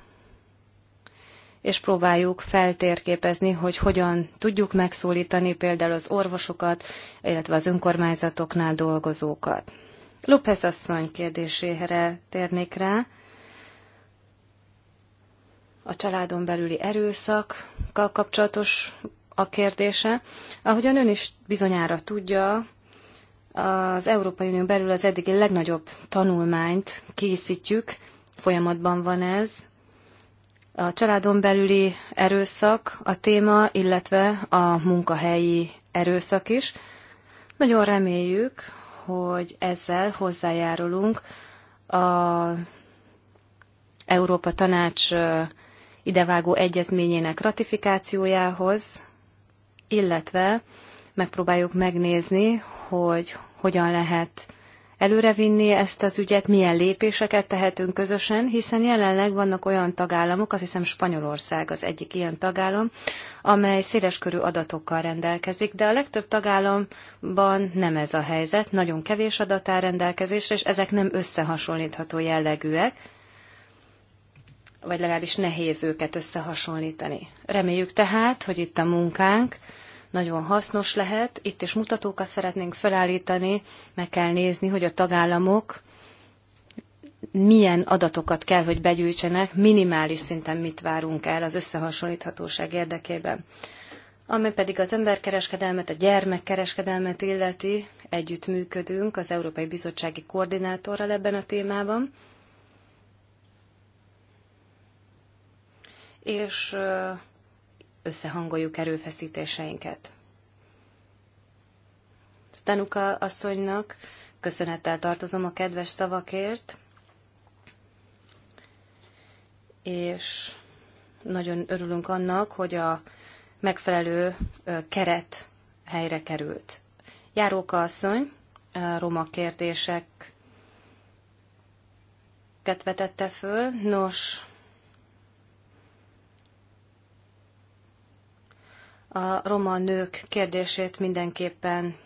S3: és próbáljuk feltérképezni, hogy hogyan tudjuk megszólítani például az orvosokat, illetve az önkormányzatoknál dolgozókat. López asszony kérdésére térnék rá a családon belüli erőszakkal kapcsolatos a kérdése. Ahogyan ön is bizonyára tudja, az Európai Unió belül az eddigi legnagyobb tanulmányt készítjük, folyamatban van ez. A családon belüli erőszak a téma, illetve a munkahelyi erőszak is. Nagyon reméljük, hogy ezzel hozzájárulunk a Európa Tanács idevágó egyezményének ratifikációjához, illetve megpróbáljuk megnézni, hogy hogyan lehet előrevinni ezt az ügyet, milyen lépéseket tehetünk közösen, hiszen jelenleg vannak olyan tagállamok, azt hiszem Spanyolország az egyik ilyen tagállam, amely széleskörű adatokkal rendelkezik, de a legtöbb tagállamban nem ez a helyzet, nagyon kevés adat áll rendelkezésre, és ezek nem összehasonlítható jellegűek, vagy legalábbis nehéz őket összehasonlítani. Reméljük tehát, hogy itt a munkánk nagyon hasznos lehet. Itt is mutatókat szeretnénk felállítani, meg kell nézni, hogy a tagállamok milyen adatokat kell, hogy begyűjtsenek, minimális szinten mit várunk el az összehasonlíthatóság érdekében. Ami pedig az emberkereskedelmet, a gyermekkereskedelmet illeti, együttműködünk az Európai Bizottsági Koordinátorral ebben a témában. és összehangoljuk erőfeszítéseinket. Stanuka asszonynak köszönettel tartozom a kedves szavakért, és nagyon örülünk annak, hogy a megfelelő keret helyre került. Járóka asszony roma kérdések vetette föl. Nos, a roma nők kérdését mindenképpen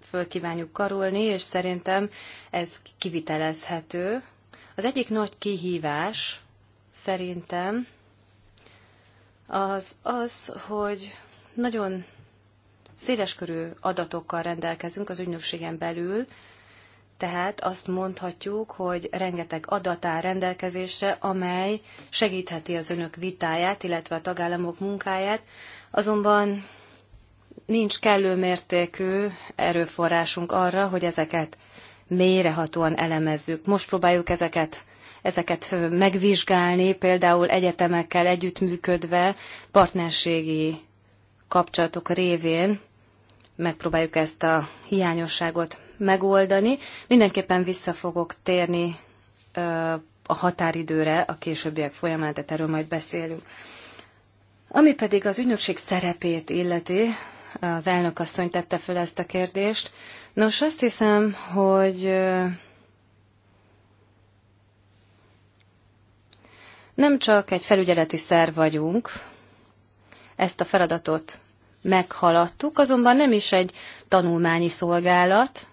S3: föl kívánjuk karolni, és szerintem ez kivitelezhető. Az egyik nagy kihívás szerintem az az, hogy nagyon széleskörű adatokkal rendelkezünk az ügynökségen belül, tehát azt mondhatjuk, hogy rengeteg adat áll rendelkezésre, amely segítheti az önök vitáját, illetve a tagállamok munkáját, Azonban nincs kellő mértékű erőforrásunk arra, hogy ezeket mélyrehatóan elemezzük. Most próbáljuk ezeket ezeket megvizsgálni, például egyetemekkel együttműködve, partnerségi kapcsolatok révén megpróbáljuk ezt a hiányosságot megoldani. Mindenképpen vissza fogok térni a határidőre a későbbiek folyamán, tehát erről majd beszélünk. Ami pedig az ügynökség szerepét illeti, az elnök asszony tette föl ezt a kérdést. Nos, azt hiszem, hogy nem csak egy felügyeleti szerv vagyunk, ezt a feladatot meghaladtuk, azonban nem is egy tanulmányi szolgálat,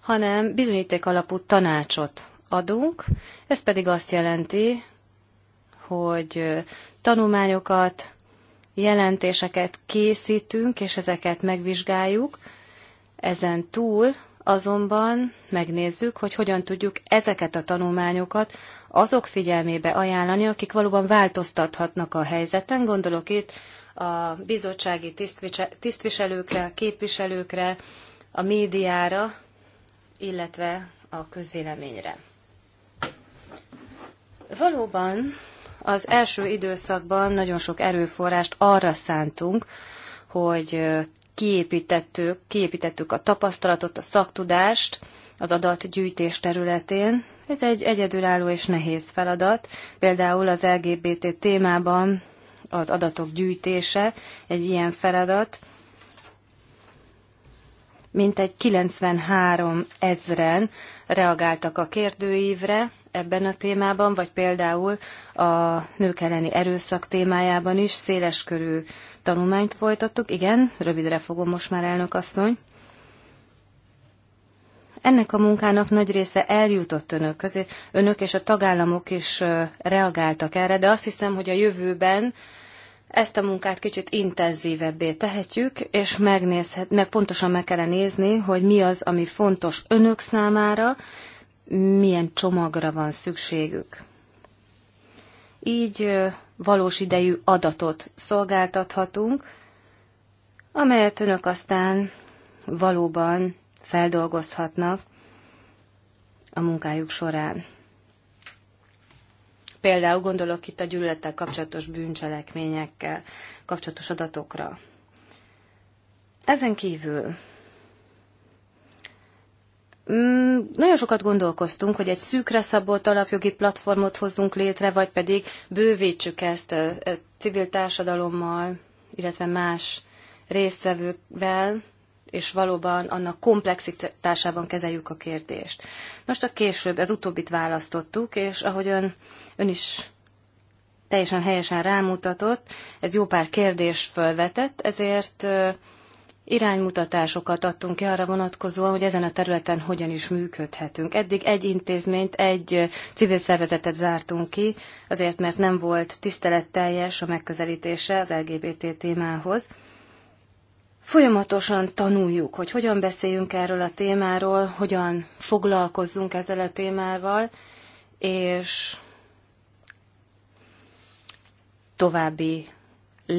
S3: hanem bizonyíték alapú tanácsot adunk. Ez pedig azt jelenti, hogy tanulmányokat, jelentéseket készítünk, és ezeket megvizsgáljuk. Ezen túl azonban megnézzük, hogy hogyan tudjuk ezeket a tanulmányokat azok figyelmébe ajánlani, akik valóban változtathatnak a helyzeten. Gondolok itt a bizottsági tisztviselőkre, képviselőkre, a médiára, illetve a közvéleményre. Valóban az első időszakban nagyon sok erőforrást arra szántunk, hogy kiépítettük, kiépítettük a tapasztalatot, a szaktudást az adatgyűjtés területén. Ez egy egyedülálló és nehéz feladat. Például az LGBT témában az adatok gyűjtése egy ilyen feladat. Mintegy 93 ezren reagáltak a kérdőívre, ebben a témában, vagy például a nők elleni erőszak témájában is széleskörű tanulmányt folytattuk. Igen, rövidre fogom most már, elnök asszony. Ennek a munkának nagy része eljutott önök közé. Önök és a tagállamok is reagáltak erre, de azt hiszem, hogy a jövőben ezt a munkát kicsit intenzívebbé tehetjük, és megnézhet, meg pontosan meg kellene nézni, hogy mi az, ami fontos önök számára, milyen csomagra van szükségük. Így valós idejű adatot szolgáltathatunk, amelyet önök aztán valóban feldolgozhatnak a munkájuk során. Például gondolok itt a gyűlölettel kapcsolatos bűncselekményekkel kapcsolatos adatokra. Ezen kívül Mm, nagyon sokat gondolkoztunk, hogy egy szűkre szabott alapjogi platformot hozzunk létre, vagy pedig bővítsük ezt a civil társadalommal, illetve más résztvevővel, és valóban annak komplexitásában kezeljük a kérdést. Most a később, ez utóbbit választottuk, és ahogy ön, ön is teljesen helyesen rámutatott, ez jó pár kérdést felvetett, ezért iránymutatásokat adtunk ki arra vonatkozóan, hogy ezen a területen hogyan is működhetünk. Eddig egy intézményt, egy civil szervezetet zártunk ki, azért mert nem volt tiszteletteljes a megközelítése az LGBT témához. Folyamatosan tanuljuk, hogy hogyan beszéljünk erről a témáról, hogyan foglalkozzunk ezzel a témával, és további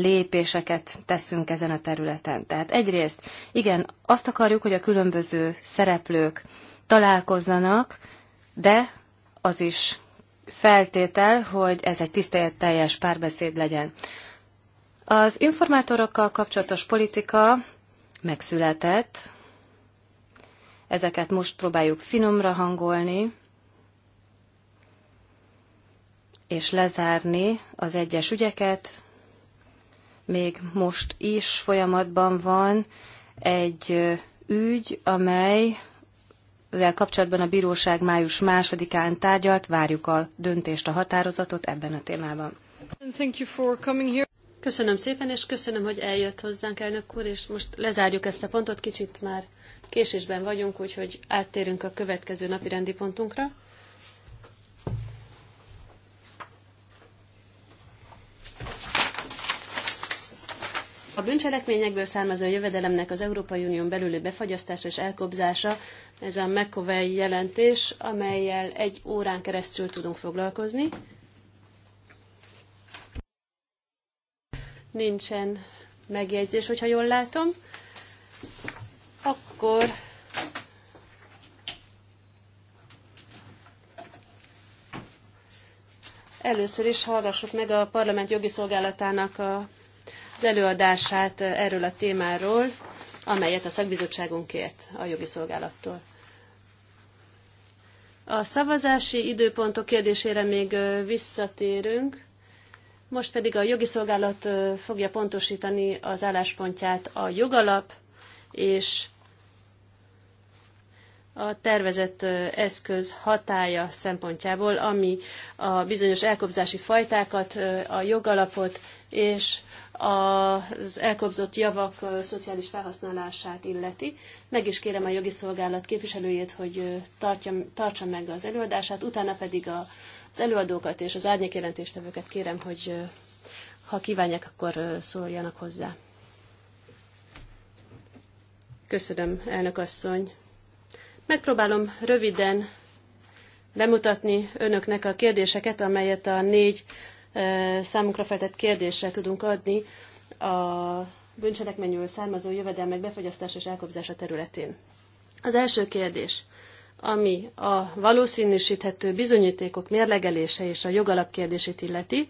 S3: lépéseket teszünk ezen a területen. Tehát egyrészt, igen, azt akarjuk, hogy a különböző szereplők találkozzanak, de az is feltétel, hogy ez egy teljes párbeszéd legyen. Az informátorokkal kapcsolatos politika megszületett, ezeket most próbáljuk finomra hangolni, és lezárni az egyes ügyeket, még most is folyamatban van egy ügy, amely ezzel kapcsolatban a bíróság május másodikán tárgyalt, várjuk a döntést, a határozatot ebben a témában.
S2: Köszönöm szépen, és köszönöm, hogy eljött hozzánk, elnök úr, és most lezárjuk ezt a pontot, kicsit már késésben vagyunk, úgyhogy áttérünk a következő napi rendi pontunkra. A bűncselekményekből származó jövedelemnek az Európai Unión belüli befagyasztása és elkobzása, ez a McCovey jelentés, amelyel egy órán keresztül tudunk foglalkozni. Nincsen megjegyzés, hogyha jól látom. Akkor először is hallgassuk meg a parlament jogi szolgálatának a az előadását eh, erről a témáról, amelyet a szakbizottságunk kért a jogi szolgálattól. A szavazási időpontok kérdésére még eh, visszatérünk. Most pedig a jogi szolgálat eh, fogja pontosítani az álláspontját a jogalap és a tervezett eszköz hatája szempontjából, ami a bizonyos elkobzási fajtákat, a jogalapot és az elkobzott javak szociális felhasználását illeti. Meg is kérem a jogi szolgálat képviselőjét, hogy tartja, tartsa meg az előadását, utána pedig a, az előadókat és az árnyékjelentéstevőket kérem, hogy ha kívánják, akkor szóljanak hozzá. Köszönöm, elnök asszony. Megpróbálom röviden bemutatni önöknek a kérdéseket, amelyet a négy számunkra feltett kérdésre tudunk adni a bűncselekményről származó jövedelmek befogyasztása és elkobzása területén. Az első kérdés, ami a valószínűsíthető bizonyítékok mérlegelése és a jogalap kérdését illeti,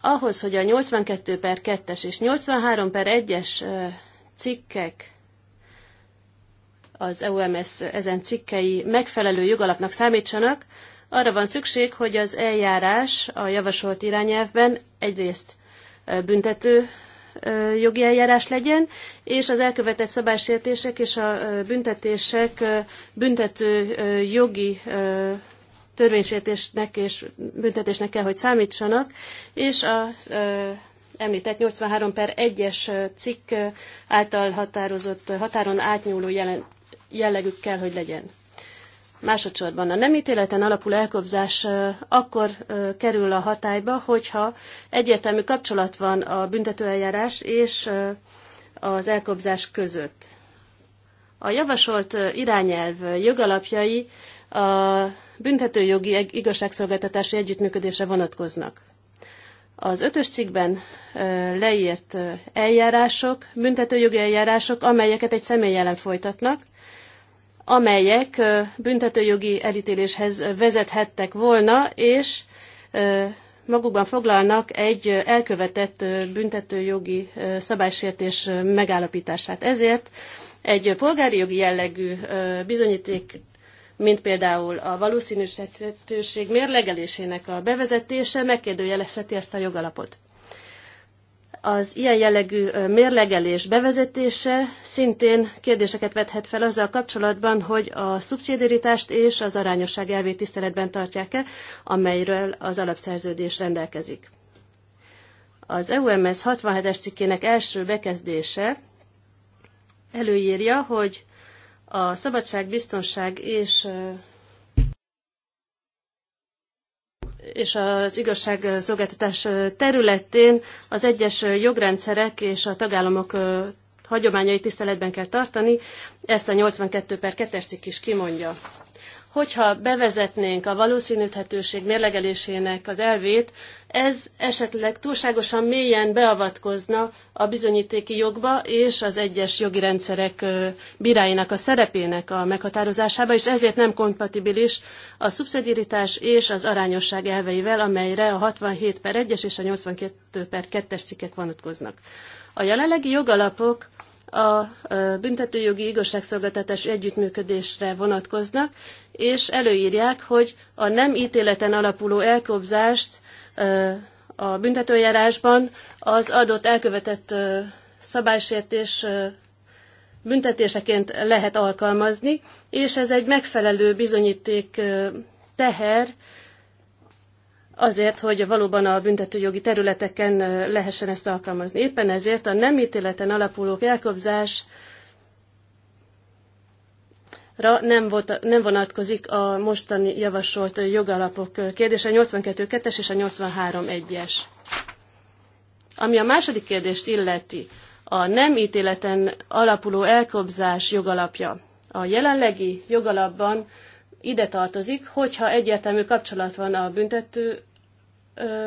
S2: ahhoz, hogy a 82 per 2-es és 83 per 1-es cikkek az EUMS ezen cikkei megfelelő jogalapnak számítsanak, arra van szükség, hogy az eljárás a javasolt irányelvben egyrészt büntető jogi eljárás legyen, és az elkövetett szabálysértések és a büntetések büntető jogi törvénysértésnek és büntetésnek kell, hogy számítsanak, és a említett 83 per 1-es cikk által határozott határon átnyúló jelen, jellegük kell, hogy legyen. Másodszorban a nem ítéleten alapuló elkobzás akkor kerül a hatályba, hogyha egyértelmű kapcsolat van a büntetőeljárás és az elkobzás között. A javasolt irányelv jogalapjai a büntetőjogi igazságszolgáltatási együttműködésre vonatkoznak. Az ötös cikkben leírt eljárások, büntetőjogi eljárások, amelyeket egy személy ellen folytatnak, amelyek büntetőjogi elítéléshez vezethettek volna, és magukban foglalnak egy elkövetett büntetőjogi szabálysértés megállapítását. Ezért egy polgári jogi jellegű bizonyíték, mint például a valószínűsíthetőség mérlegelésének a bevezetése megkérdőjelezheti ezt a jogalapot az ilyen jellegű mérlegelés bevezetése szintén kérdéseket vethet fel azzal kapcsolatban, hogy a szubszidiaritást és az arányosság elvét tiszteletben tartják-e, amelyről az alapszerződés rendelkezik. Az EUMS 67-es cikkének első bekezdése előírja, hogy a szabadság, biztonság és és az igazságszolgáltatás területén az egyes jogrendszerek és a tagállamok hagyományai tiszteletben kell tartani, ezt a 82 per 2-es cikk is kimondja. Hogyha bevezetnénk a valószínűthetőség mérlegelésének az elvét, ez esetleg túlságosan mélyen beavatkozna a bizonyítéki jogba és az egyes jogi rendszerek bíráinak a szerepének a meghatározásába, és ezért nem kompatibilis a szubszidiaritás és az arányosság elveivel, amelyre a 67 per 1-es és a 82 per 2-es cikkek vonatkoznak. A jelenlegi jogalapok a büntetőjogi igazságszolgáltatás együttműködésre vonatkoznak, és előírják, hogy a nem ítéleten alapuló elkobzást a büntetőjárásban az adott elkövetett szabálysértés büntetéseként lehet alkalmazni, és ez egy megfelelő bizonyíték teher azért, hogy valóban a büntetőjogi területeken lehessen ezt alkalmazni. Éppen ezért a nem ítéleten alapuló elkobzás nem, volt, nem vonatkozik a mostani javasolt jogalapok kérdése, a 82.2-es és a 83.1-es. Ami a második kérdést illeti, a nem ítéleten alapuló elkobzás jogalapja. A jelenlegi jogalapban ide tartozik, hogyha egyértelmű kapcsolat van a büntető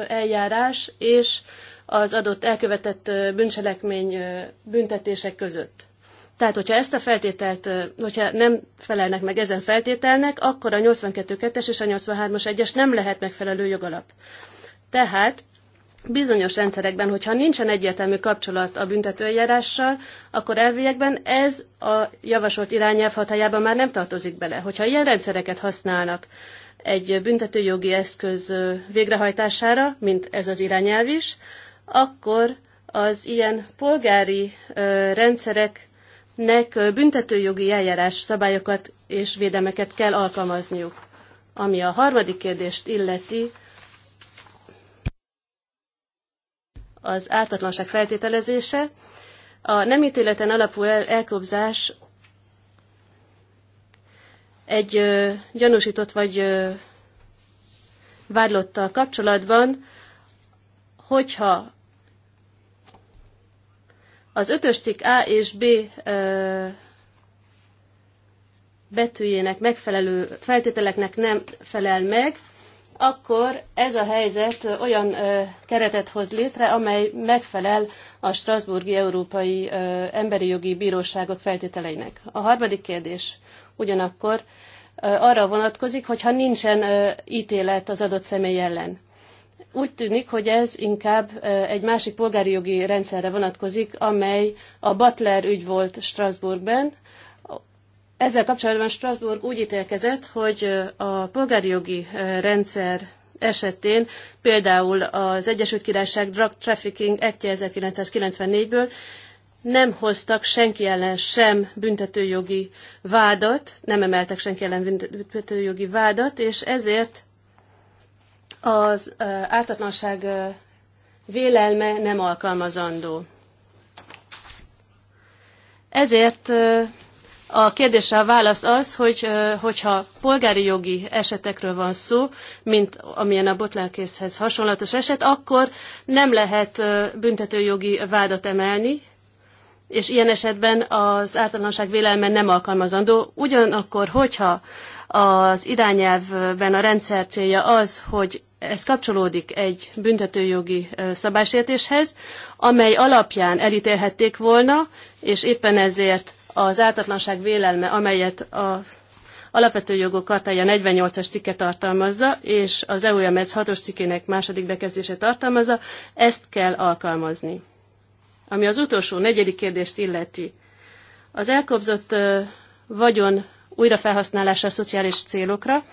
S2: eljárás és az adott elkövetett bűncselekmény büntetések között. Tehát, hogyha ezt a feltételt, hogyha nem felelnek meg ezen feltételnek, akkor a 82.2-es és a 83-as 1-es nem lehet megfelelő jogalap. Tehát bizonyos rendszerekben, hogyha nincsen egyértelmű kapcsolat a büntetőeljárással, akkor elviekben ez a javasolt irányelv hatájában már nem tartozik bele. Hogyha ilyen rendszereket használnak, egy büntetőjogi eszköz végrehajtására, mint ez az irányelv is, akkor az ilyen polgári rendszereknek büntetőjogi eljárás szabályokat és védelmeket kell alkalmazniuk. Ami a harmadik kérdést illeti, az ártatlanság feltételezése. A nem ítéleten alapú elkobzás egy ö, gyanúsított vagy ö, vádlottal kapcsolatban, hogyha az ötös cikk A és B ö, betűjének megfelelő feltételeknek nem felel meg, akkor ez a helyzet olyan ö, keretet hoz létre, amely megfelel a Strasburgi Európai ö, Emberi Jogi Bíróságok feltételeinek. A harmadik kérdés ugyanakkor arra vonatkozik, hogyha nincsen ítélet az adott személy ellen. Úgy tűnik, hogy ez inkább egy másik polgári jogi rendszerre vonatkozik, amely a Butler ügy volt Strasbourgben. Ezzel kapcsolatban Strasbourg úgy ítélkezett, hogy a polgári jogi rendszer esetén, például az Egyesült Királyság Drug Trafficking Act 1994-ből nem hoztak senki ellen sem büntetőjogi vádat, nem emeltek senki ellen büntetőjogi vádat, és ezért az ártatlanság vélelme nem alkalmazandó. Ezért a kérdésre a válasz az, hogy hogyha polgári jogi esetekről van szó, mint amilyen a botlánkészhez hasonlatos eset, akkor nem lehet büntetőjogi vádat emelni, és ilyen esetben az ártalanság vélelme nem alkalmazandó. Ugyanakkor, hogyha az irányelvben a rendszer célja az, hogy ez kapcsolódik egy büntetőjogi szabásértéshez, amely alapján elítélhették volna, és éppen ezért az ártatlanság vélelme, amelyet a alapvető jogok kartája 48-as cikke tartalmazza, és az EUMS 6-os cikkének második bekezdése tartalmazza, ezt kell alkalmazni. Ami az utolsó, negyedik kérdést illeti. Az elkobzott vagyon újrafelhasználása szociális célokra.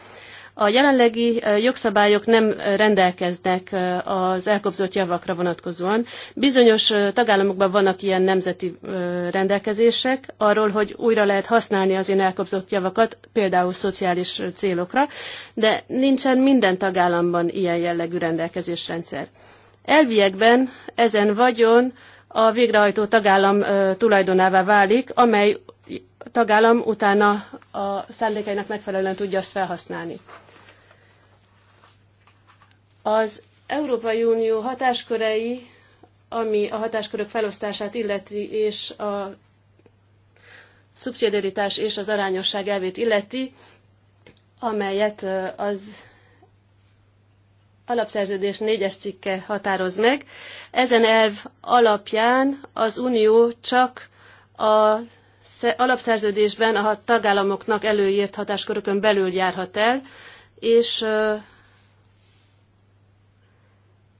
S2: A jelenlegi jogszabályok nem rendelkeznek az elkobzott javakra vonatkozóan. Bizonyos tagállamokban vannak ilyen nemzeti rendelkezések arról, hogy újra lehet használni az ilyen elkobzott javakat, például szociális célokra, de nincsen minden tagállamban ilyen jellegű rendelkezésrendszer. Elviekben ezen vagyon a végrehajtó tagállam tulajdonává válik, amely tagállam utána a szándékainak megfelelően tudja azt felhasználni. Az Európai Unió hatáskörei, ami a hatáskörök felosztását illeti, és a szubszidiaritás és az arányosság elvét illeti, amelyet az alapszerződés négyes cikke határoz meg. Ezen elv alapján az Unió csak a alapszerződésben a tagállamoknak előírt hatáskörökön belül járhat el, és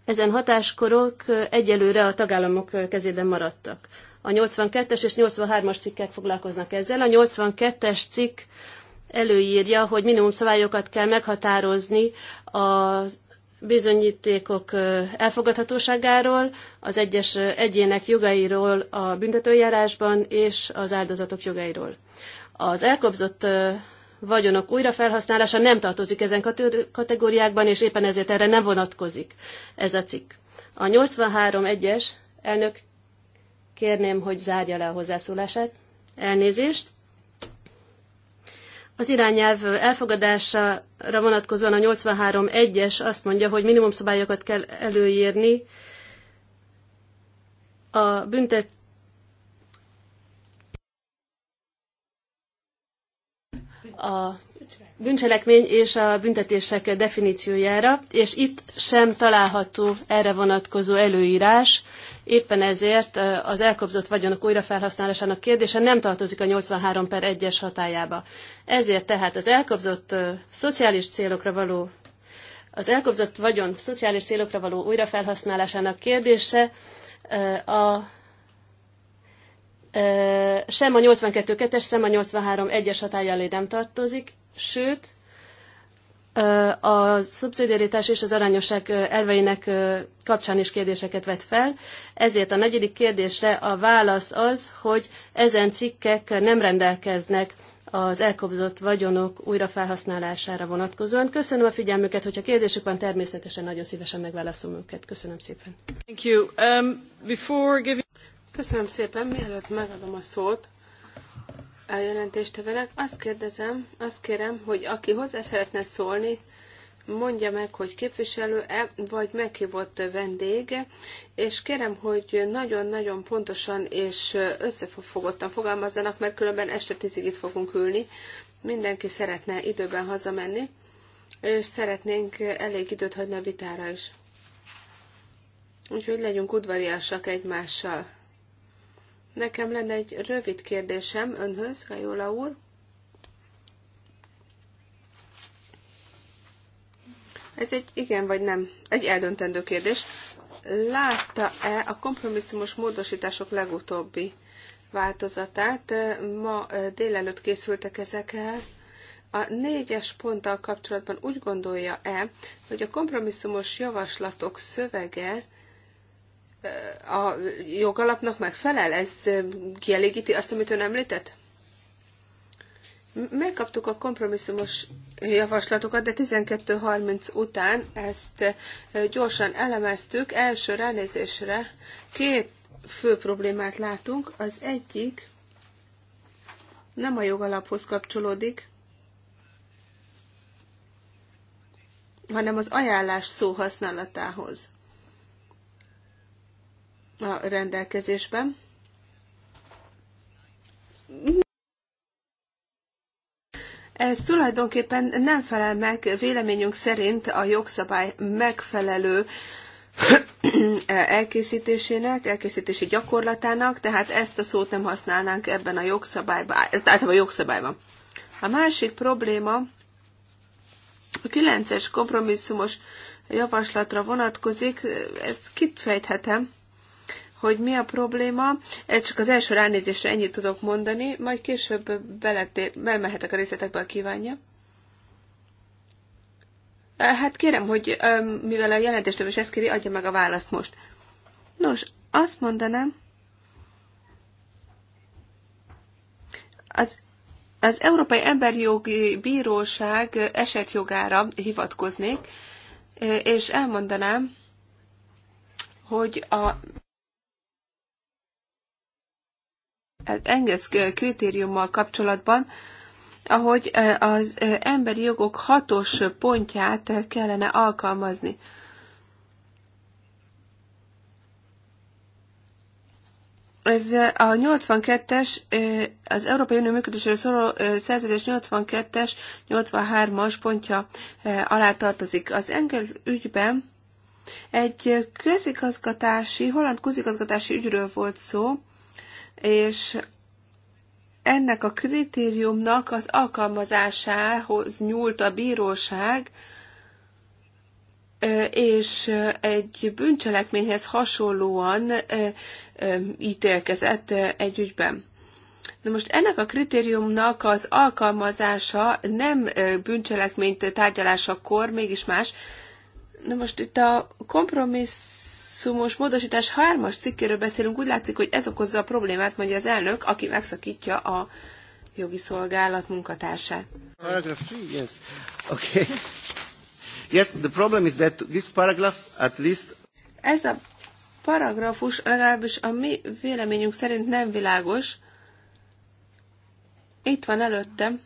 S2: ezen hatáskorok egyelőre a tagállamok kezében maradtak. A 82-es és 83-as cikkek foglalkoznak ezzel. A 82-es cikk előírja, hogy minimum szabályokat kell meghatározni az bizonyítékok elfogadhatóságáról, az egyes egyének jogairól a büntetőjárásban és az áldozatok jogairól. Az elkobzott vagyonok újrafelhasználása nem tartozik ezen kategóriákban, és éppen ezért erre nem vonatkozik ez a cikk. A 83.1-es elnök kérném, hogy zárja le a hozzászólását. Elnézést. Az irányelv elfogadására vonatkozóan a 83.1-es azt mondja, hogy minimum szabályokat kell előírni a büntet a bűncselekmény és a büntetések definíciójára, és itt sem található erre vonatkozó előírás, éppen ezért az elkobzott vagyonok újrafelhasználásának kérdése nem tartozik a 83 per 1-es hatájába. Ezért tehát az elkobzott szociális célokra való az elkobzott vagyon szociális célokra való újrafelhasználásának kérdése a sem a 82.2-es, sem a 83.1-es hatája elé nem tartozik, sőt, a szubszidiaritás és az arányosság elveinek kapcsán is kérdéseket vet fel, ezért a negyedik kérdésre a válasz az, hogy ezen cikkek nem rendelkeznek az elkobzott vagyonok újrafelhasználására vonatkozóan. Köszönöm a figyelmüket, hogyha kérdésük van, természetesen nagyon szívesen megválaszolom őket. Köszönöm szépen. Thank you. Um, before giving... Köszönöm szépen, mielőtt megadom a szót a jelentéstevenek, azt kérdezem, azt
S1: kérem, hogy aki hozzá szeretne szólni, mondja meg, hogy képviselő-e, vagy meghívott vendége, és kérem, hogy nagyon-nagyon pontosan és összefogottan fogalmazzanak, mert különben este tízig itt fogunk ülni. Mindenki szeretne időben hazamenni, és szeretnénk elég időt hagyni a vitára is. Úgyhogy legyünk udvariasak egymással. Nekem lenne egy rövid kérdésem önhöz, Gajola úr. Ez egy igen vagy nem, egy eldöntendő kérdés. Látta-e a kompromisszumos módosítások legutóbbi változatát? Ma délelőtt készültek ezek el. A négyes ponttal kapcsolatban úgy gondolja-e, hogy a kompromisszumos javaslatok szövege a jogalapnak megfelel? Ez kielégíti azt, amit ön említett? Megkaptuk a kompromisszumos javaslatokat, de 12.30 után ezt gyorsan elemeztük. Első ránézésre két fő problémát látunk. Az egyik nem a jogalaphoz kapcsolódik, hanem az ajánlás szó használatához a rendelkezésben. Ez tulajdonképpen nem felel meg véleményünk szerint a jogszabály megfelelő elkészítésének, elkészítési gyakorlatának, tehát ezt a szót nem használnánk ebben a jogszabályban, tehát a jogszabályban. A másik probléma a 9-es kompromisszumos javaslatra vonatkozik, ezt kifejthetem hogy mi a probléma. Ez csak az első ránézésre ennyit tudok mondani, majd később belemehetek a részletekbe, a kívánja. Hát kérem, hogy mivel a jelentéstől is ezt kéri, adja meg a választ most. Nos, azt mondanám, az az Európai Emberjogi Bíróság esetjogára hivatkoznék, és elmondanám, hogy a Hát engesz kritériummal kapcsolatban, ahogy e, az e, emberi jogok hatos pontját kellene alkalmazni. Ez a 82-es, e, az Európai Unió működésére szóló szerződés 82-es, 83-as pontja alá tartozik. Az Engel ügyben egy közigazgatási, holland közigazgatási ügyről volt szó, és ennek a kritériumnak az alkalmazásához nyúlt a bíróság, és egy bűncselekményhez hasonlóan ítélkezett egy ügyben. Na most ennek a kritériumnak az alkalmazása nem bűncselekményt tárgyalásakor, mégis más. Na most itt a kompromissz szumos módosítás hármas cikkéről beszélünk, úgy látszik, hogy ez okozza a problémát, mondja az elnök, aki megszakítja a jogi szolgálat munkatársát.
S3: Paragraph 3, yes. Okay. [LAUGHS] Yes, the problem is that this paragraph at least...
S1: Ez a paragrafus legalábbis a mi véleményünk szerint nem világos. Itt van előttem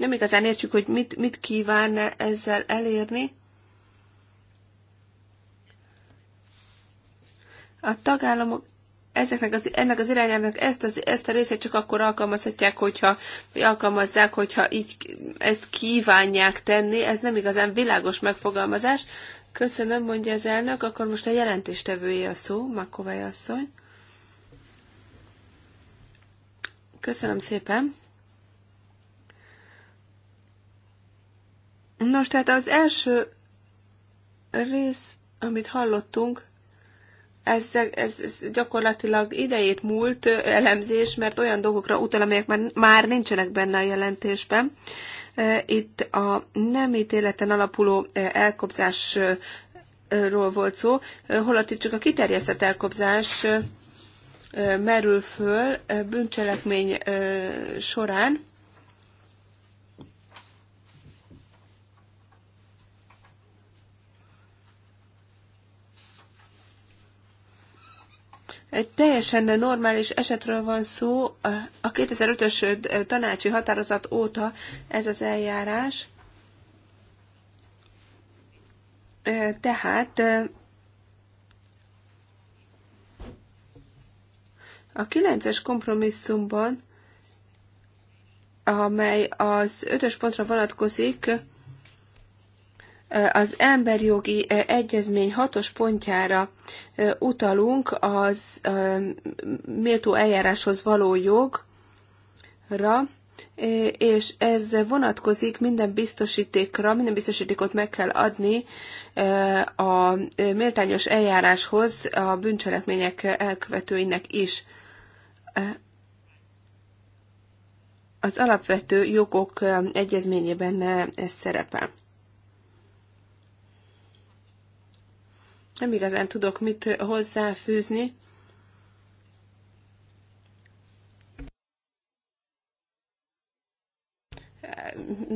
S1: nem igazán értjük, hogy mit, mit kíván ezzel elérni. A tagállamok ezeknek az, ennek az irányának ezt, az, ezt a részét csak akkor alkalmazhatják, hogyha alkalmazzák, hogyha így ezt kívánják tenni. Ez nem igazán világos megfogalmazás. Köszönöm, mondja az elnök. Akkor most a jelentéstevője a szó, Makovai asszony. Köszönöm szépen. Nos, tehát az első rész, amit hallottunk, ez, ez, ez gyakorlatilag idejét múlt elemzés, mert olyan dolgokra utal, amelyek már, már nincsenek benne a jelentésben. E, itt a nem ítéleten alapuló e, elkobzásról volt szó, e, holott itt csak a kiterjesztett elkobzás merül föl bűncselekmény során, Egy teljesen normális esetről van szó. A 2005-ös tanácsi határozat óta ez az eljárás. Tehát a 9-es kompromisszumban, amely az 5-ös pontra vonatkozik, az emberjogi egyezmény hatos pontjára utalunk az méltó eljáráshoz való jogra, és ez vonatkozik minden biztosítékra, minden biztosítékot meg kell adni a méltányos eljáráshoz a bűncselekmények elkövetőinek is. Az alapvető jogok egyezményében ez szerepel. Nem igazán tudok mit hozzáfűzni.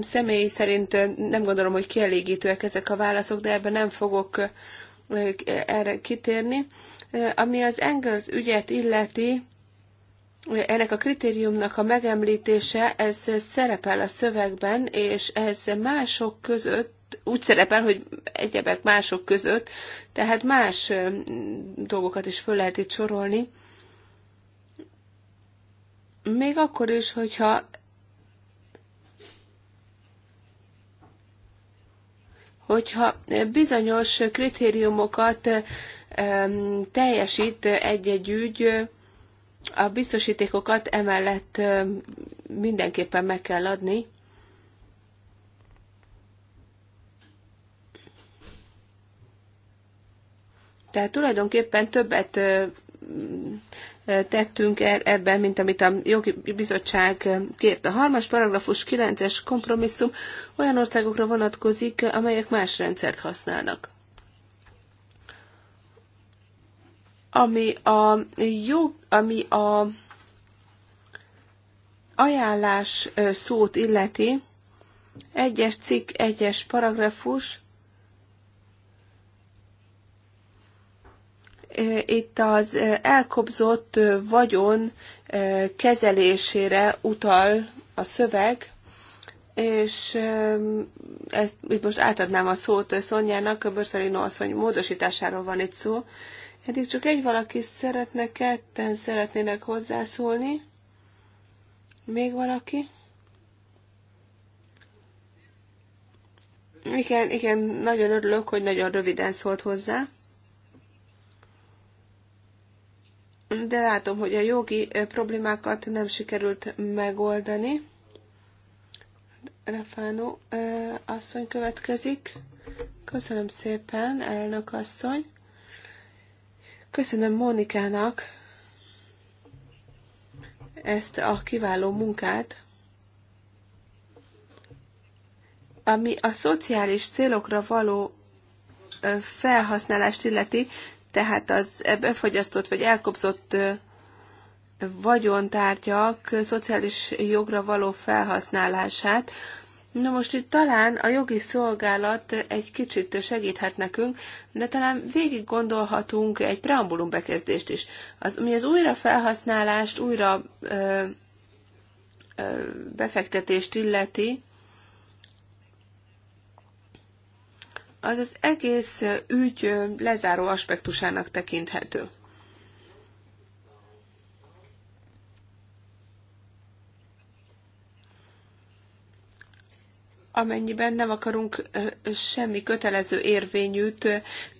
S1: Személy szerint nem gondolom, hogy kielégítőek ezek a válaszok, de ebben nem fogok erre kitérni. Ami az Engels ügyet illeti, ennek a kritériumnak a megemlítése, ez szerepel a szövegben, és ez mások között úgy szerepel, hogy egyebek mások között, tehát más dolgokat is föl lehet itt sorolni. Még akkor is, hogyha hogyha bizonyos kritériumokat teljesít egy-egy ügy, a biztosítékokat emellett mindenképpen meg kell adni. Tehát tulajdonképpen többet tettünk e-, ebben, mint amit a jogi bizottság kért. A harmas paragrafus 9-es kompromisszum olyan országokra vonatkozik, amelyek más rendszert használnak. Ami a, jó, ami a ajánlás szót illeti, egyes cikk, egyes paragrafus, itt az elkobzott vagyon kezelésére utal a szöveg, és ezt itt most átadnám a szót Szonyának, a Börszerino asszony módosításáról van itt szó. Eddig csak egy valaki szeretne, ketten szeretnének hozzászólni. Még valaki? Igen, igen, nagyon örülök, hogy nagyon röviden szólt hozzá. de látom, hogy a jogi problémákat nem sikerült megoldani. Refánó asszony következik. Köszönöm szépen, elnök asszony. Köszönöm Mónikának ezt a kiváló munkát, ami a szociális célokra való felhasználást illeti, tehát az befogyasztott vagy elkobzott vagyontárgyak szociális jogra való felhasználását. Na most itt talán a jogi szolgálat egy kicsit segíthet nekünk, de talán végig gondolhatunk egy preambulum bekezdést is, az, ami az felhasználást, újra ö, ö, befektetést illeti, az az egész ügy lezáró aspektusának tekinthető. amennyiben nem akarunk semmi kötelező érvényűt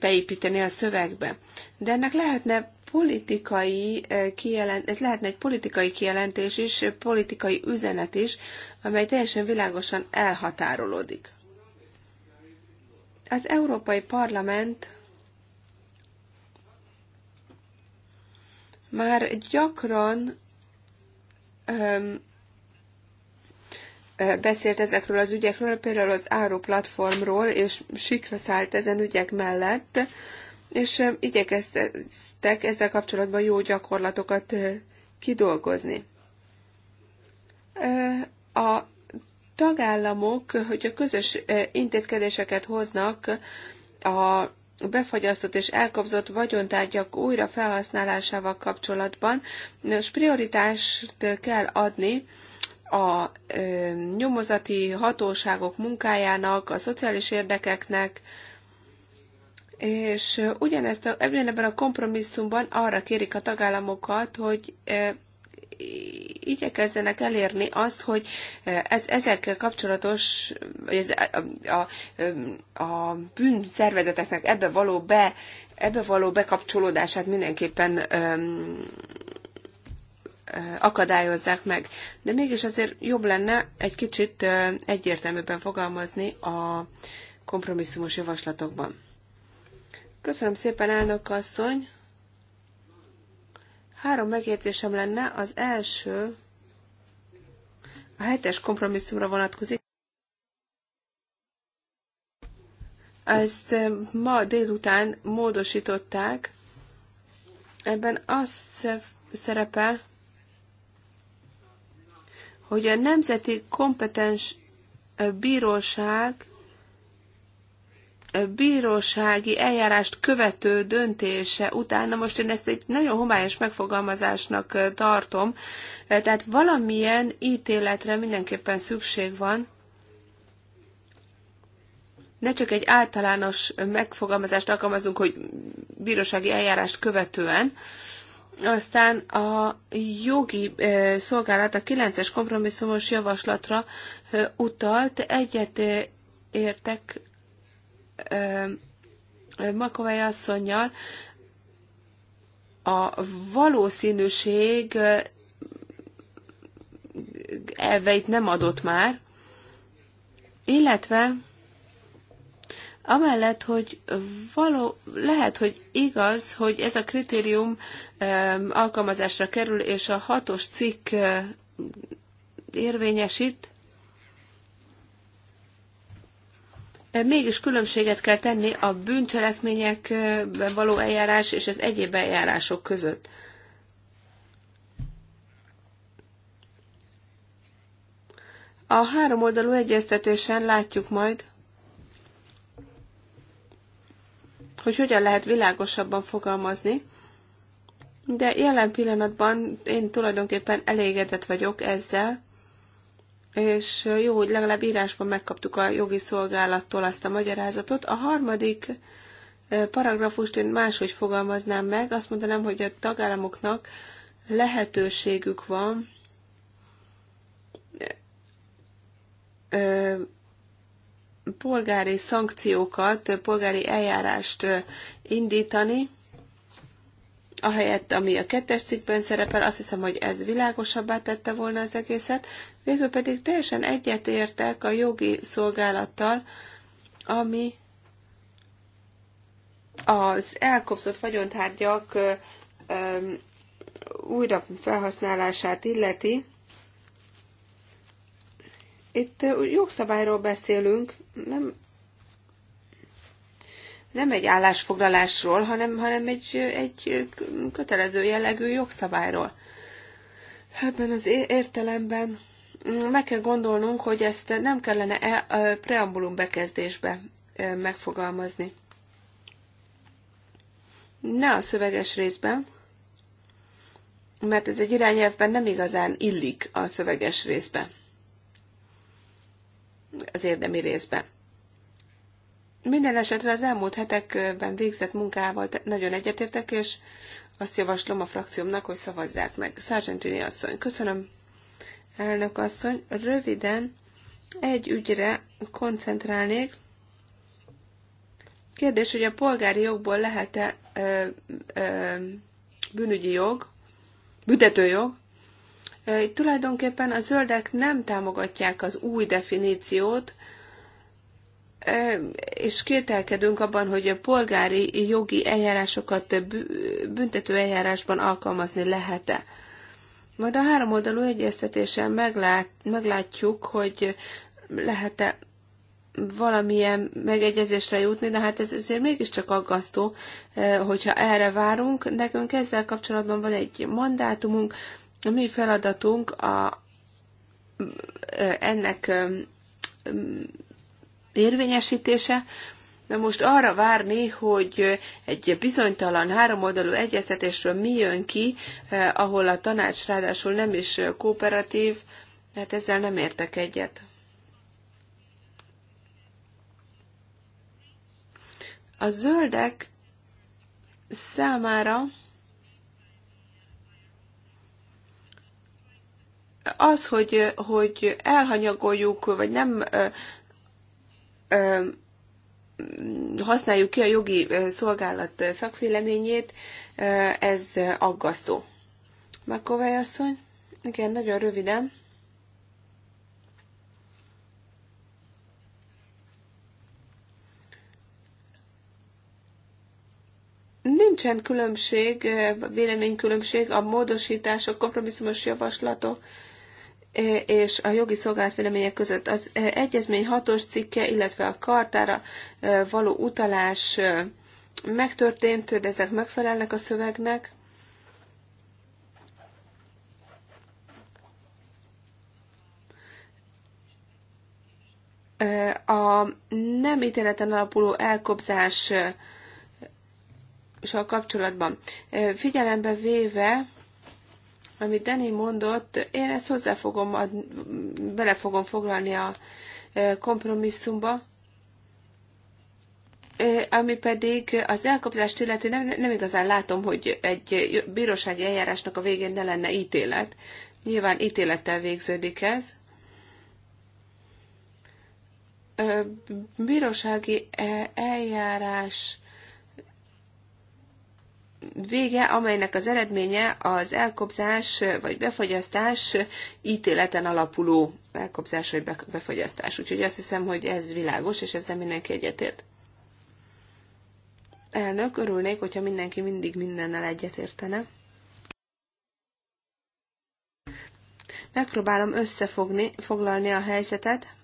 S1: beépíteni a szövegbe. De ennek lehetne politikai kijelent, ez lehetne egy politikai kijelentés is, politikai üzenet is, amely teljesen világosan elhatárolódik. Az Európai Parlament már gyakran öm, beszélt ezekről az ügyekről, például az Áru platformról, és sikra szállt ezen ügyek mellett, és igyekeztek ezzel kapcsolatban jó gyakorlatokat kidolgozni. A tagállamok, hogy a közös eh, intézkedéseket hoznak a befagyasztott és elkobzott vagyontárgyak újra felhasználásával kapcsolatban, és prioritást kell adni a eh, nyomozati hatóságok munkájának, a szociális érdekeknek, és ugyanezt a, ebben a kompromisszumban arra kérik a tagállamokat, hogy eh, igyekezzenek elérni azt, hogy eh, ez, ezekkel kapcsolatos, vagy ez, a, a, a bűnszervezeteknek ebbe való, be, ebbe való bekapcsolódását mindenképpen öm, eh, akadályozzák meg. De mégis azért jobb lenne egy kicsit eh, egyértelműbben fogalmazni a kompromisszumos javaslatokban. Köszönöm szépen, elnök asszony! Három megértésem lenne. Az első a hetes kompromisszumra vonatkozik. Ezt eh, ma délután módosították. Ebben az szerepel, hogy a Nemzeti Kompetens eh, Bíróság bírósági eljárást követő döntése után, na most én ezt egy nagyon homályos megfogalmazásnak tartom, tehát valamilyen ítéletre mindenképpen szükség van, ne csak egy általános megfogalmazást alkalmazunk, hogy bírósági eljárást követően, aztán a jogi szolgálat a 9-es kompromisszumos javaslatra utalt, egyet értek Makovely asszonynal a valószínűség elveit nem adott már, illetve amellett, hogy való, lehet, hogy igaz, hogy ez a kritérium alkalmazásra kerül, és a hatos cikk érvényesít, Mégis különbséget kell tenni a bűncselekményekben való eljárás és az egyéb eljárások között. A három oldalú egyeztetésen látjuk majd, hogy hogyan lehet világosabban fogalmazni, de jelen pillanatban én tulajdonképpen elégedett vagyok ezzel, és jó, hogy legalább írásban megkaptuk a jogi szolgálattól azt a magyarázatot. A harmadik paragrafust én máshogy fogalmaznám meg, azt mondanám, hogy a tagállamoknak lehetőségük van polgári szankciókat, polgári eljárást indítani, ahelyett, ami a kettes cikkben szerepel, azt hiszem, hogy ez világosabbá tette volna az egészet. Végül pedig teljesen egyetértek a jogi szolgálattal, ami az elkopszott vagyontárgyak újra felhasználását illeti. Itt jogszabályról beszélünk, nem nem egy állásfoglalásról, hanem, hanem egy, egy kötelező jellegű jogszabályról. Ebben az értelemben meg kell gondolnunk, hogy ezt nem kellene e, preambulum bekezdésbe e, megfogalmazni. Ne a szöveges részben, mert ez egy irányelvben nem igazán illik a szöveges részbe, az érdemi részbe. Minden esetre az elmúlt hetekben végzett munkával nagyon egyetértek, és azt javaslom a frakciómnak, hogy szavazzák meg. Sargentini asszony, köszönöm. Elnök asszony, röviden egy ügyre koncentrálnék. Kérdés, hogy a polgári jogból lehet-e ö, ö, bűnügyi jog, büntetőjog? tulajdonképpen a zöldek nem támogatják az új definíciót, és kételkedünk abban, hogy a polgári jogi eljárásokat büntető eljárásban alkalmazni lehet-e. Majd a három oldalú egyeztetésen meglát, meglátjuk, hogy
S3: lehet-e
S1: valamilyen megegyezésre jutni, de hát ez azért mégiscsak aggasztó, hogyha erre várunk. Nekünk ezzel kapcsolatban van egy mandátumunk, a mi feladatunk a, ennek érvényesítése. Na most arra várni, hogy egy bizonytalan háromoldalú egyeztetésről mi jön ki, eh, ahol a tanács ráadásul nem is kooperatív, hát ezzel nem értek egyet. A zöldek számára az, hogy, hogy elhanyagoljuk, vagy nem eh, használjuk ki a jogi szolgálat szakvéleményét, ez aggasztó. Makovály asszony? Igen, nagyon röviden. Nincsen különbség, véleménykülönbség a módosítások, kompromisszumos javaslatok és a jogi szolgálat vélemények között. Az egyezmény hatos cikke, illetve a kartára való utalás megtörtént, de ezek megfelelnek a szövegnek. A nem ítéleten alapuló elkobzás kapcsolatban figyelembe véve amit Dani mondott, én ezt hozzá fogom, ad, bele fogom foglalni a kompromisszumba, ami pedig az elkobzást illeti, nem, nem igazán látom, hogy egy bírósági eljárásnak a végén ne lenne ítélet. Nyilván ítélettel végződik ez. Bírósági e- eljárás vége, amelynek az eredménye az elkobzás vagy befagyasztás ítéleten alapuló elkobzás vagy befagyasztás. Úgyhogy azt hiszem, hogy ez világos, és ezzel mindenki egyetért. Elnök, örülnék, hogyha mindenki mindig mindennel egyetértene. Megpróbálom összefogni, foglalni a helyzetet.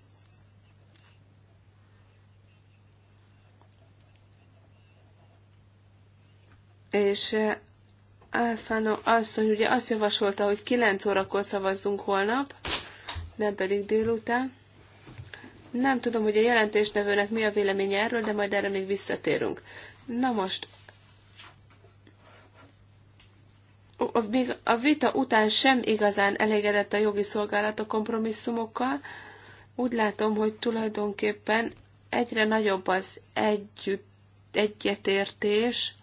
S1: és eh, Alfano asszony ugye azt javasolta, hogy 9 órakor szavazzunk holnap, nem pedig délután. Nem tudom, hogy a jelentésnevőnek mi a véleménye erről, de majd erre még visszatérünk. Na most, még a vita után sem igazán elégedett a jogi szolgálat a kompromisszumokkal. Úgy látom, hogy tulajdonképpen egyre nagyobb az együtt, egyetértés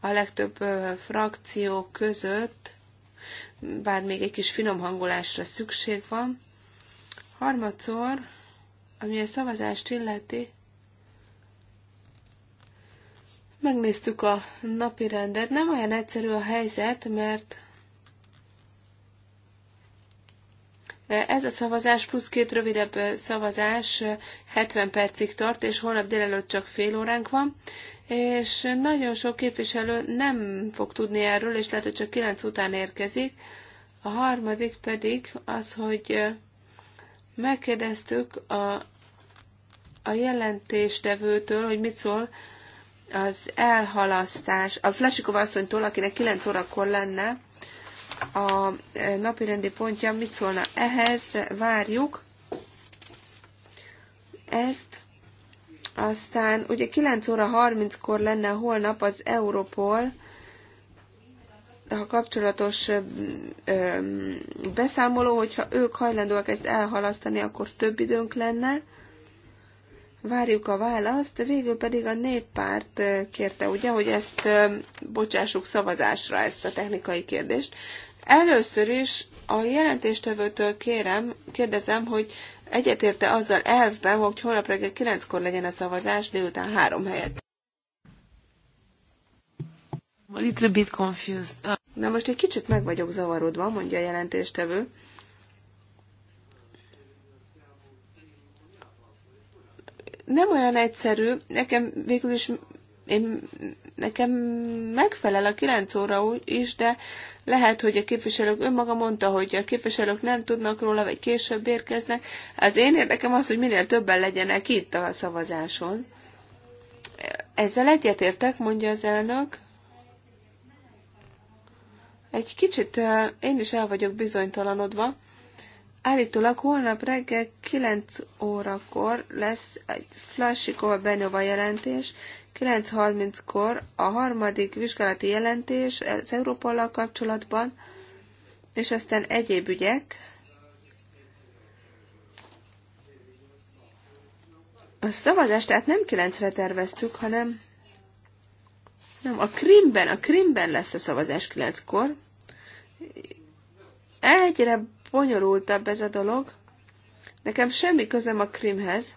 S1: a legtöbb frakció között, bár még egy kis finom hangolásra szükség van. Harmadszor, ami a szavazást illeti, megnéztük a napi rendet. Nem olyan egyszerű a helyzet, mert Ez a szavazás plusz két rövidebb szavazás 70 percig tart, és holnap délelőtt csak fél óránk van, és nagyon sok képviselő nem fog tudni erről, és lehet, hogy csak kilenc után érkezik. A harmadik pedig az, hogy megkérdeztük a, a jelentéstevőtől, hogy mit szól az elhalasztás, a Flesikov asszonytól, akinek 9 órakor lenne a rendi pontja, mit szólna ehhez, várjuk ezt aztán ugye 9 óra 30-kor lenne holnap az Europol a kapcsolatos öm, beszámoló, hogyha ők hajlandóak ezt elhalasztani, akkor több időnk lenne. Várjuk a választ, végül pedig a néppárt kérte, ugye, hogy ezt öm, bocsássuk szavazásra, ezt a technikai kérdést. Először is a jelentéstevőtől kérem, kérdezem, hogy egyetérte azzal elvben, hogy holnap reggel kilenckor legyen a szavazás, délután három helyett. A little bit confused. Uh, Na most egy kicsit meg vagyok zavarodva, mondja a jelentéstevő. Nem olyan egyszerű, nekem végül is én, nekem megfelel a 9 óra is, de lehet, hogy a képviselők önmaga mondta, hogy a képviselők nem tudnak róla, vagy később érkeznek. Az én érdekem az, hogy minél többen legyenek itt a szavazáson. Ezzel egyetértek, mondja az elnök. Egy kicsit én is el vagyok bizonytalanodva. Állítólag holnap reggel 9 órakor lesz egy flashikova Benyova jelentés, 9.30-kor a harmadik vizsgálati jelentés az Európollal kapcsolatban, és aztán egyéb ügyek. A szavazást tehát nem 9-re terveztük, hanem nem, a krimben, a krimben lesz a szavazás 9-kor. Egyre bonyolultabb ez a dolog. Nekem semmi közöm a krimhez.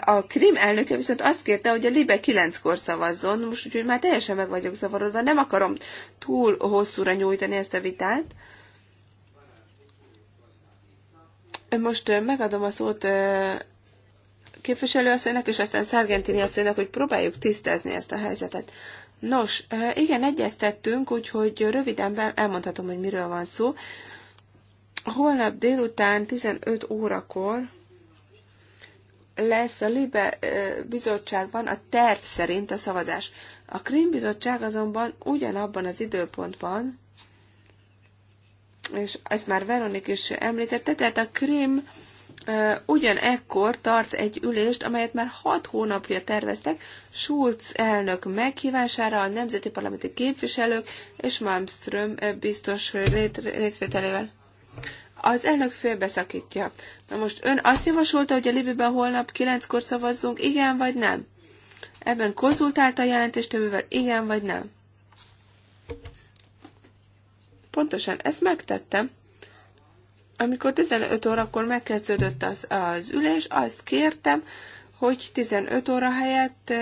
S1: A Krim elnöke viszont azt kérte, hogy a Libe 9-kor szavazzon, most úgyhogy már teljesen meg vagyok zavarodva, nem akarom túl hosszúra nyújtani ezt a vitát. Most megadom a szót képviselőasszonynak, és aztán Szargentini asszonynak, hogy próbáljuk tisztázni ezt a helyzetet. Nos, igen, egyeztettünk, úgyhogy röviden elmondhatom, hogy miről van szó. Holnap délután 15 órakor lesz a Libe bizottságban a terv szerint a szavazás. A krim bizottság azonban ugyanabban az időpontban, és ezt már Veronik is említette, tehát a Krím ugyanekkor tart egy ülést, amelyet már hat hónapja terveztek, Schulz elnök meghívására a nemzeti parlamenti képviselők és Malmström biztos részvételével. Az elnök félbeszakítja. Na most ön azt javasolta, hogy a Libiben holnap kilenckor szavazzunk, igen vagy nem? Ebben konzultálta a jelentéstevővel, igen vagy nem? Pontosan ezt megtettem. Amikor 15 órakor megkezdődött az, az ülés, azt kértem, hogy 15 óra helyett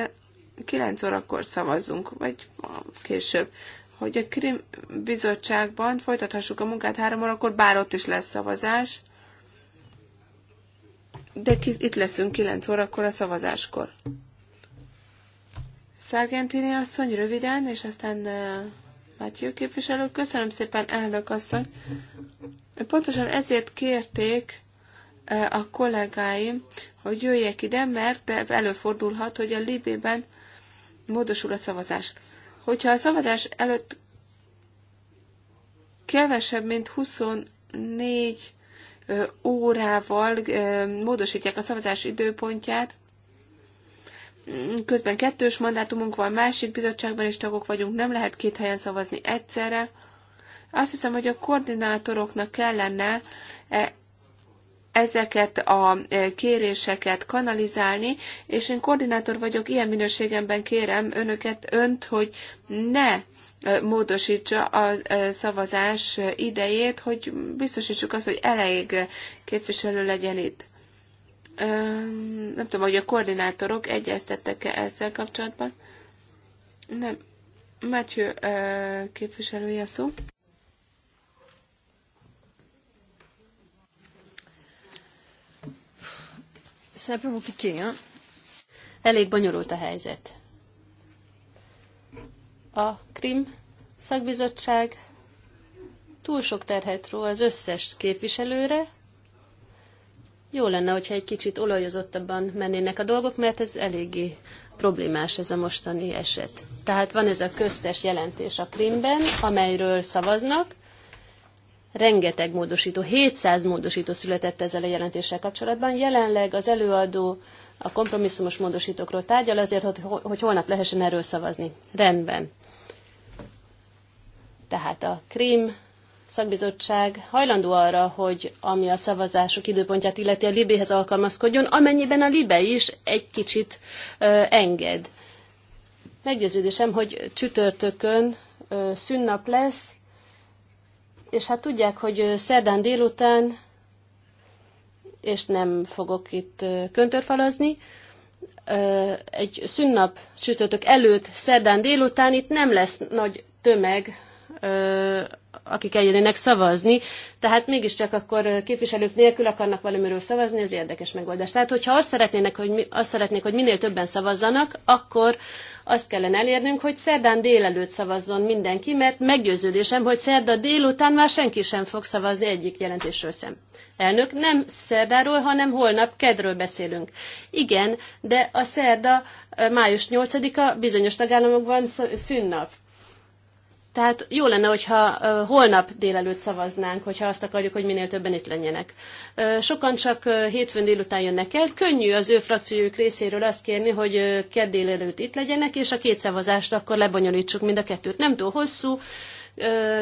S1: 9 eh, órakor szavazzunk, vagy később hogy a Krim bizottságban folytathassuk a munkát három órakor, bár ott is lesz szavazás, de ki, itt leszünk kilenc órakor a szavazáskor. Szargentini asszony röviden, és aztán uh, Mátyő képviselő. Köszönöm szépen, elnök asszony. Pontosan ezért kérték uh, a kollégáim, hogy jöjjek ide, mert előfordulhat, hogy a Libében módosul a szavazás hogyha a szavazás előtt kevesebb, mint 24 órával módosítják a szavazás időpontját, mm, közben kettős mandátumunk van, másik bizottságban is tagok vagyunk, nem lehet két helyen szavazni egyszerre. Azt hiszem, hogy a koordinátoroknak kellene e, ezeket a e, kéréseket kanalizálni, és én koordinátor vagyok, ilyen minőségemben kérem önöket, önt, hogy ne e, módosítsa a e, szavazás idejét, hogy biztosítsuk azt, hogy elég képviselő legyen itt. Nem tudom, hogy a koordinátorok egyeztettek-e ezzel kapcsolatban. Nem. Matthew képviselője szó.
S2: C'est un peu compliqué, hein? Elég bonyolult a helyzet. A Krim szakbizottság túl sok terhet ró az összes képviselőre. Jó lenne, hogyha egy kicsit olajozottabban mennének a dolgok, mert ez eléggé problémás ez a mostani eset. Tehát van ez a köztes jelentés a Krimben, amelyről szavaznak, rengeteg módosító, 700 módosító született ezzel a jelentéssel kapcsolatban. Jelenleg az előadó a kompromisszumos módosítókról tárgyal azért, hogy holnap lehessen erről szavazni. Rendben. Tehát a Krím szakbizottság hajlandó arra, hogy ami a szavazások időpontját illeti a Libéhez alkalmazkodjon, amennyiben a Libe is egy kicsit ö, enged. Meggyőződésem, hogy csütörtökön ö, szünnap lesz, és hát tudják, hogy szerdán délután, és nem fogok itt köntörfalazni, egy szünnap csütörtök előtt, szerdán délután itt nem lesz nagy tömeg akik eljönnek szavazni, tehát mégiscsak akkor képviselők nélkül akarnak valamiről szavazni, ez érdekes megoldás. Tehát, hogyha azt, szeretnének, hogy mi, azt szeretnék, hogy minél többen szavazzanak, akkor azt kellene elérnünk, hogy szerdán délelőtt szavazzon mindenki, mert meggyőződésem, hogy szerda délután már senki sem fog szavazni egyik jelentésről sem. Elnök, nem szerdáról, hanem holnap kedről beszélünk. Igen, de a szerda május 8-a bizonyos tagállamokban szünnap. Tehát jó lenne, hogyha holnap délelőtt szavaznánk, hogyha azt akarjuk, hogy minél többen itt lenjenek. Sokan csak hétfőn délután jönnek el. Könnyű az ő frakciójuk részéről azt kérni, hogy kedd délelőtt itt legyenek, és a két szavazást akkor lebonyolítsuk mind a kettőt. Nem túl hosszú,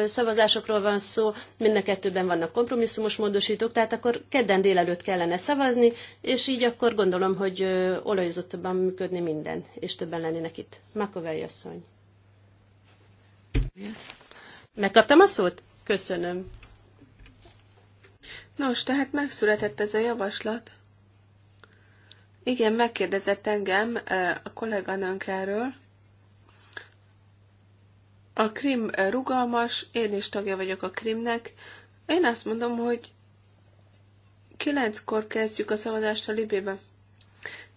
S2: szavazásokról van szó, mind a kettőben vannak kompromisszumos módosítók, tehát akkor kedden délelőtt kellene szavazni, és így akkor gondolom, hogy olajozottabban működni minden, és többen lennének itt. Makovely asszony. Yes. Megkaptam a szót? Köszönöm. Nos, tehát megszületett ez a javaslat.
S1: Igen, megkérdezett engem a kolléganőnk erről. A krim rugalmas, én is tagja vagyok a krimnek. Én azt mondom, hogy kilenckor kezdjük a szavazást a Libébe.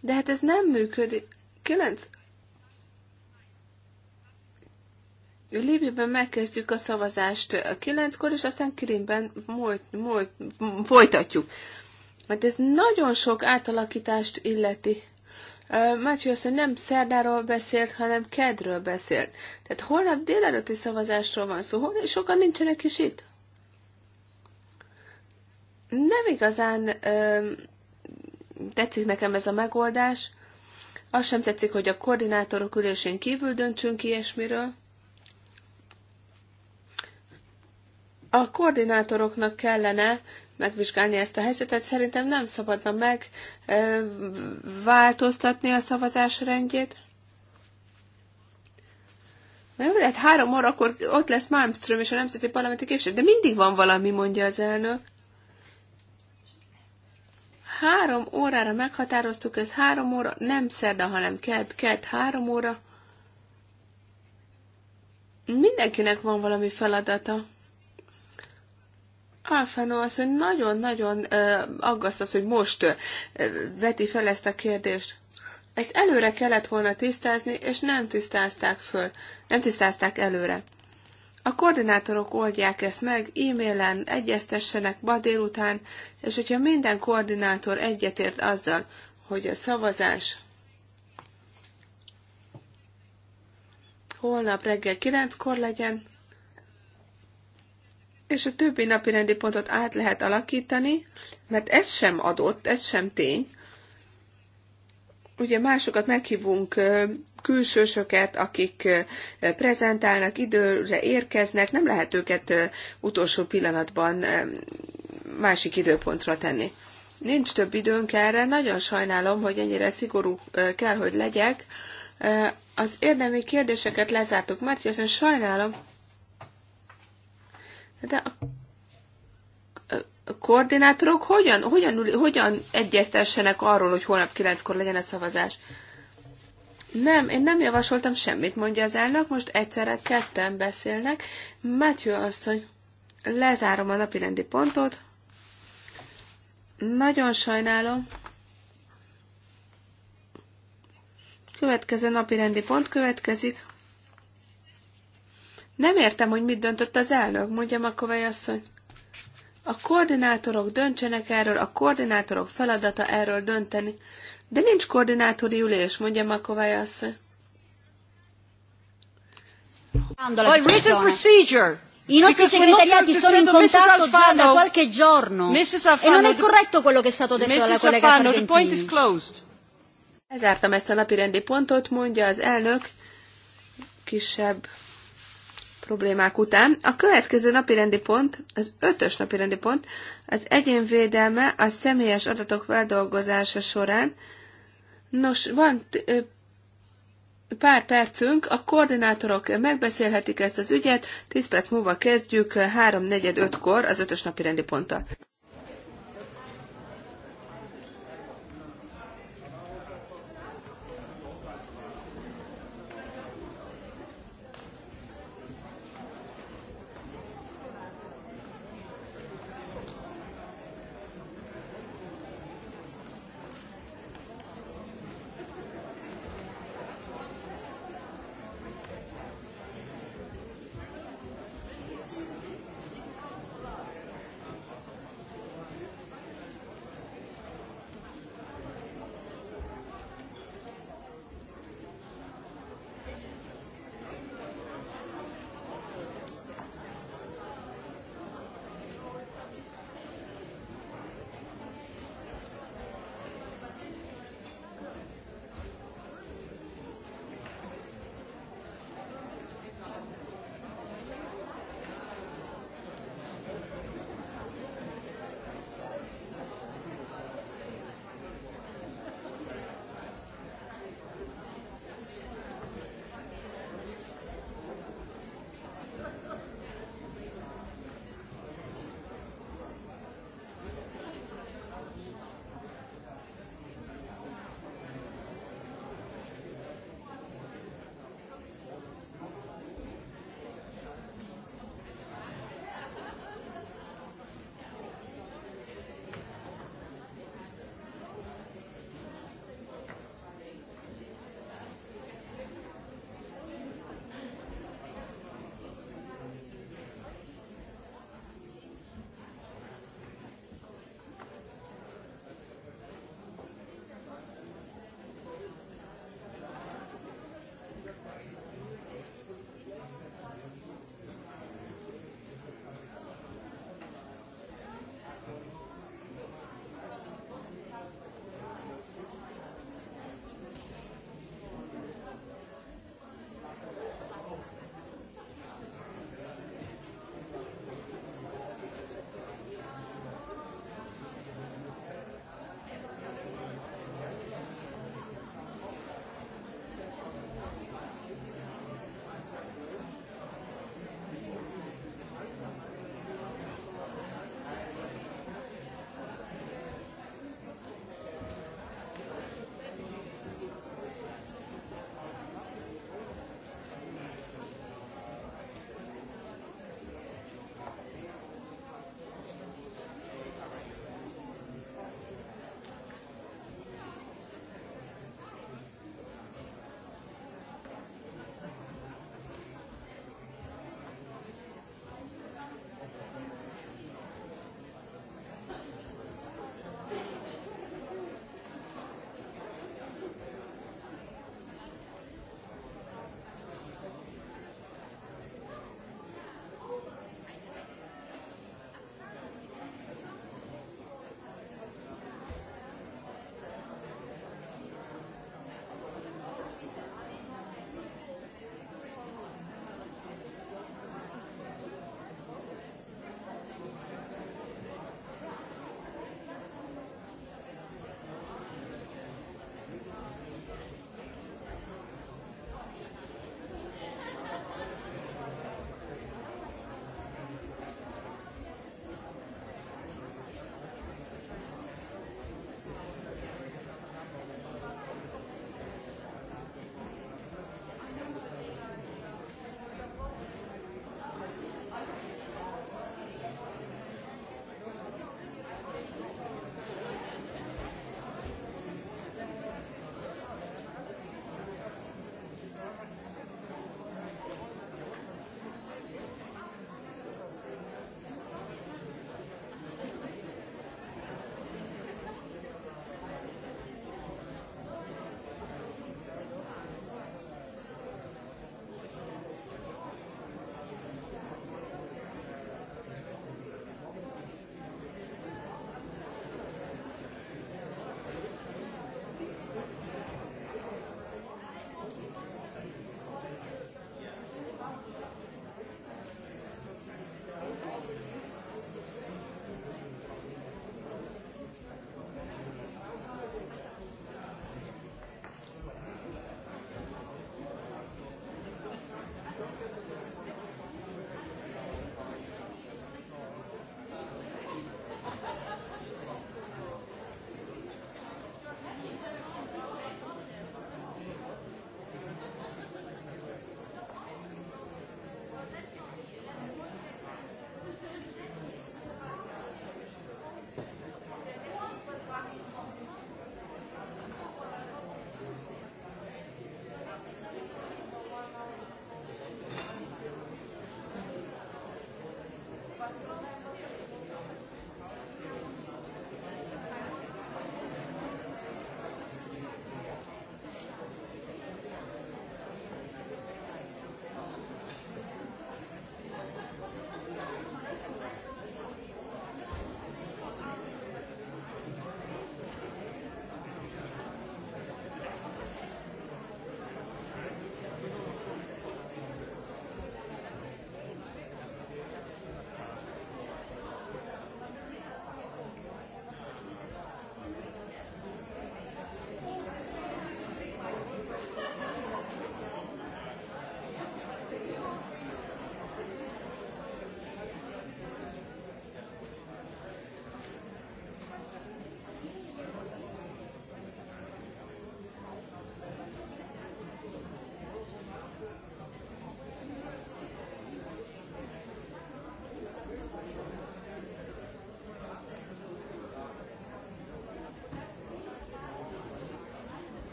S1: De hát ez nem működik. Kilenc Libyben megkezdjük a szavazást a kilenckor, és aztán Krimben múlt, múlt, folytatjuk. Mert hát ez nagyon sok átalakítást illeti. Mácsi azt mondja, nem szerdáról beszélt, hanem kedről beszélt. Tehát holnap délelőtti szavazásról van szó, holnap sokan nincsenek is itt. Nem igazán ö, tetszik nekem ez a megoldás. Azt sem tetszik, hogy a koordinátorok ülésén kívül döntsünk ilyesmiről. A koordinátoroknak kellene megvizsgálni ezt a helyzetet. Szerintem nem szabadna megváltoztatni a szavazás rendjét. Na jó, de hát három óra, akkor ott lesz Malmström és a Nemzeti Parlamenti Képviselő. De mindig van valami, mondja az elnök. Három órára meghatároztuk, ez három óra, nem szerda, hanem kett, kett, három óra. Mindenkinek van valami feladata. Alfano hogy nagyon-nagyon aggaszt az, hogy most veti fel ezt a kérdést. Ezt előre kellett volna tisztázni, és nem tisztázták föl, nem tisztázták előre. A koordinátorok oldják ezt meg, e-mailen egyeztessenek ma délután, és hogyha minden koordinátor egyetért azzal, hogy a szavazás holnap reggel 9-kor legyen, és a többi napi rendi pontot át lehet alakítani, mert ez sem adott, ez sem tény. Ugye másokat meghívunk külsősöket, akik prezentálnak, időre érkeznek, nem lehet őket utolsó pillanatban másik időpontra tenni. Nincs több időnk erre, nagyon sajnálom, hogy ennyire szigorú kell, hogy legyek. Az érdemi kérdéseket lezártuk, mert azon sajnálom, de a koordinátorok hogyan, hogyan, hogyan egyeztessenek arról, hogy holnap kilenckor legyen a szavazás? Nem, én nem javasoltam semmit, mondja az elnök, most egyszerre ketten beszélnek. Matthew asszony, lezárom a napirendi pontot. Nagyon sajnálom. Következő napirendi pont következik. Nem értem, hogy mit döntött az elnök, mondja Makovej asszony. A koordinátorok döntsenek erről, a koordinátorok feladata erről dönteni. De nincs koordinátori ülés, mondja Makovej asszony.
S2: I've written procedure. I nostri segretariati sono in contatto già da qualche giorno. Mrs. Alfano, e non è corretto quello che è stato detto Mrs. dalla collega Alfano, Sargentini. The point is closed. Lezártam
S1: ezt a napirendi pontot, mondja az elnök kisebb problémák után. A következő napirendi pont, az ötös napirendi pont, az egyénvédelme a személyes adatok feldolgozása során. Nos, van pár percünk, a koordinátorok megbeszélhetik ezt az ügyet, 10 perc múlva kezdjük, 3-4-5-kor az ötös napi rendi ponttal.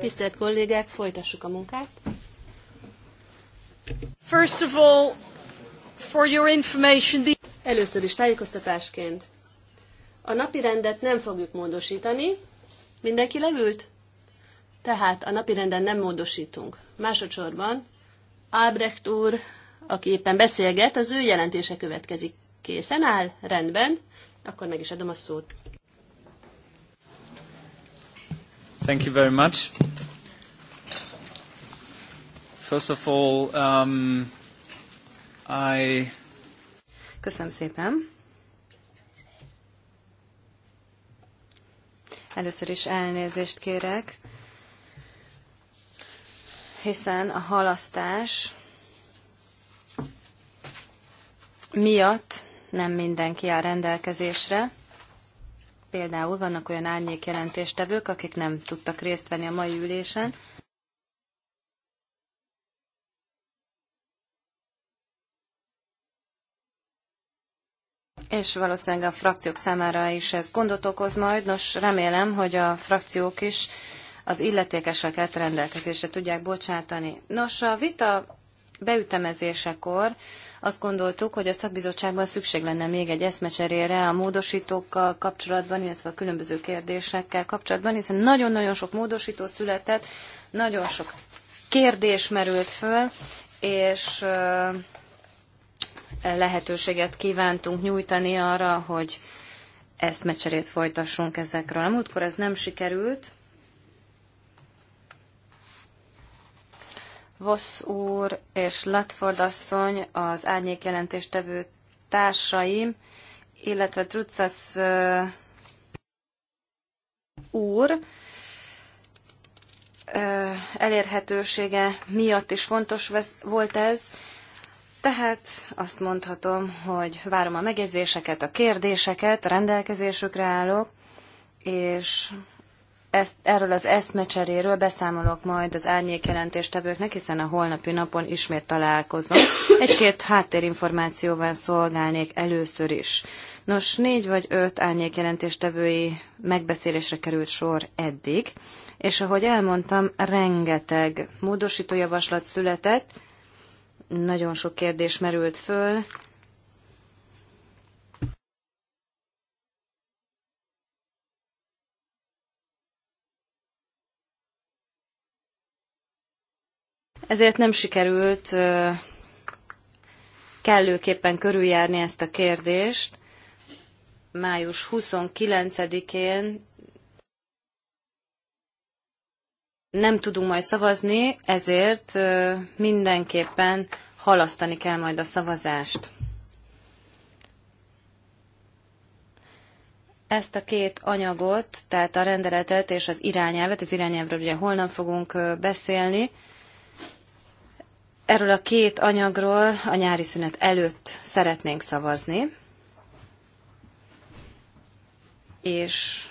S2: Tisztelt kollégák, folytassuk a munkát. First of all, for your information... Először is tájékoztatásként. A napi rendet nem fogjuk módosítani. Mindenki leült? Tehát a napi renden nem módosítunk. Másodszorban Ábrecht úr, aki éppen beszélget, az ő jelentése következik. Készen áll? Rendben. Akkor meg is adom a szót. Thank you
S3: very much. First of all, um, I... Köszönöm szépen. Először is elnézést kérek, hiszen a halasztás miatt nem mindenki áll rendelkezésre. Például vannak olyan árnyék jelentéstevők, akik nem tudtak részt venni a mai ülésen. És valószínűleg a frakciók számára is ez gondot okoz majd. Nos, remélem, hogy a frakciók is az illetékeseket rendelkezésre tudják bocsátani. Nos, a vita beütemezésekor azt gondoltuk, hogy a szakbizottságban szükség lenne még egy eszmecserére a módosítókkal kapcsolatban, illetve a különböző kérdésekkel kapcsolatban, hiszen nagyon-nagyon sok módosító született, nagyon sok kérdés merült föl, és lehetőséget kívántunk nyújtani arra, hogy eszmecserét folytassunk ezekről. A múltkor ez nem sikerült, Vossz úr és Latford asszony, az árnyék jelentéstevő társaim, illetve Trucas úr elérhetősége miatt is fontos volt ez, tehát azt mondhatom, hogy várom a megjegyzéseket, a kérdéseket, a rendelkezésükre állok, és ezt, erről az eszmecseréről beszámolok majd az árnyék jelentéstevőknek, hiszen a holnapi napon ismét találkozom. Egy-két háttérinformációval szolgálnék először is. Nos, négy vagy öt árnyék jelentéstevői megbeszélésre került sor eddig, és ahogy elmondtam, rengeteg módosítójavaslat született, nagyon sok kérdés merült föl, ezért nem sikerült kellőképpen körüljárni ezt a kérdést. Május 29-én nem tudunk majd szavazni, ezért mindenképpen halasztani kell majd a szavazást. Ezt a két anyagot, tehát a rendeletet és az irányelvet, az irányelvről ugye holnap fogunk beszélni, Erről a két anyagról a nyári szünet előtt szeretnénk szavazni, és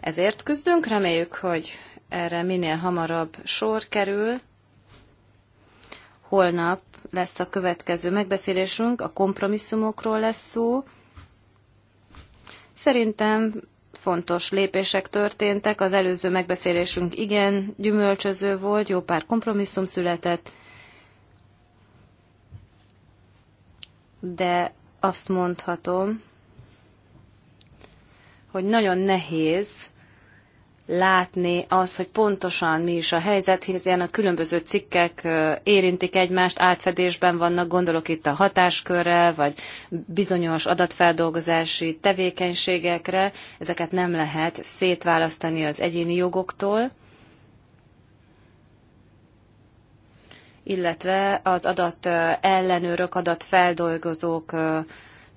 S3: ezért küzdünk. Reméljük, hogy erre minél hamarabb sor kerül. Holnap lesz a következő megbeszélésünk, a kompromisszumokról lesz szó. Szerintem fontos lépések történtek, az előző megbeszélésünk igen gyümölcsöző volt, jó pár kompromisszum született, de azt mondhatom, hogy nagyon nehéz látni az, hogy pontosan mi is a helyzet, hiszen a különböző cikkek érintik egymást, átfedésben vannak, gondolok itt a hatáskörre, vagy bizonyos adatfeldolgozási tevékenységekre, ezeket nem lehet szétválasztani az egyéni jogoktól. illetve az adat ellenőrök, adatfeldolgozók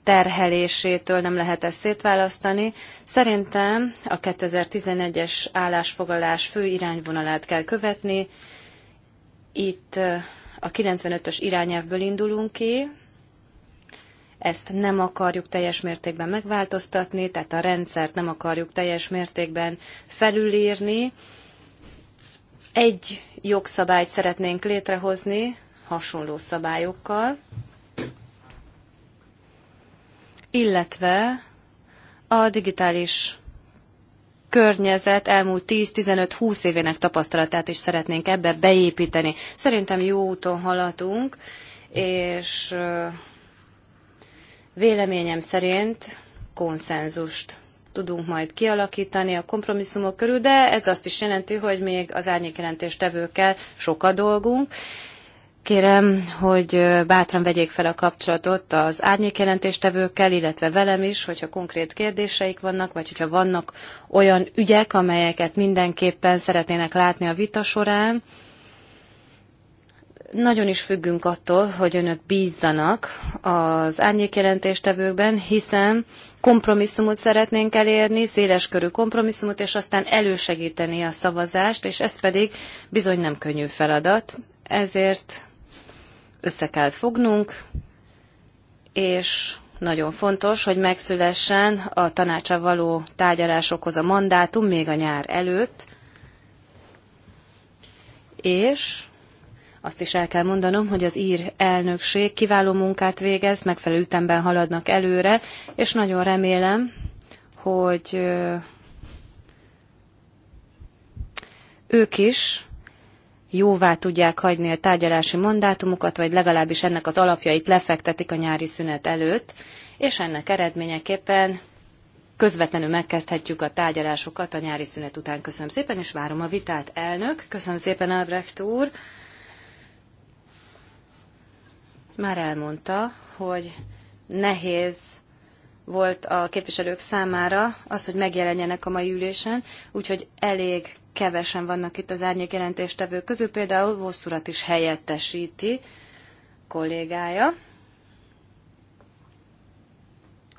S3: terhelésétől nem lehet ezt szétválasztani. Szerintem a 2011-es állásfoglalás fő irányvonalát kell követni. Itt a 95-ös irányelvből indulunk ki, ezt nem akarjuk teljes mértékben megváltoztatni, tehát a rendszert nem akarjuk teljes mértékben felülírni, egy jogszabályt szeretnénk létrehozni hasonló szabályokkal, illetve a digitális környezet elmúlt 10-15-20 évének tapasztalatát is szeretnénk ebbe beépíteni. Szerintem jó úton haladunk, és véleményem szerint konszenzust tudunk majd kialakítani a kompromisszumok körül, de ez azt is jelenti, hogy még az árnyékjelentéstevőkkel sok a dolgunk. Kérem, hogy bátran vegyék fel a kapcsolatot az árnyékjelentéstevőkkel, illetve velem is, hogyha konkrét kérdéseik vannak, vagy hogyha vannak olyan ügyek, amelyeket mindenképpen szeretnének látni a vita során, nagyon is függünk attól, hogy önök bízzanak az árnyékjelentéstevőkben, hiszen kompromisszumot szeretnénk elérni, széleskörű kompromisszumot, és aztán elősegíteni a szavazást, és ez pedig bizony nem könnyű feladat, ezért össze kell fognunk, és nagyon fontos, hogy megszülessen a tanácsa való tárgyalásokhoz a mandátum még a nyár előtt, és azt is el kell mondanom, hogy az ír elnökség kiváló munkát végez, megfelelő ütemben haladnak előre, és nagyon remélem, hogy ők is jóvá tudják hagyni a tárgyalási mandátumukat, vagy legalábbis ennek az alapjait lefektetik a nyári szünet előtt, és ennek eredményeképpen közvetlenül megkezdhetjük a tárgyalásokat a nyári szünet után. Köszönöm szépen, és várom a vitát, elnök. Köszönöm szépen, Albrecht úr már elmondta, hogy nehéz volt a képviselők számára az, hogy megjelenjenek a mai ülésen, úgyhogy elég kevesen vannak itt az árnyék jelentéstevők közül, például Vosszurat is helyettesíti kollégája.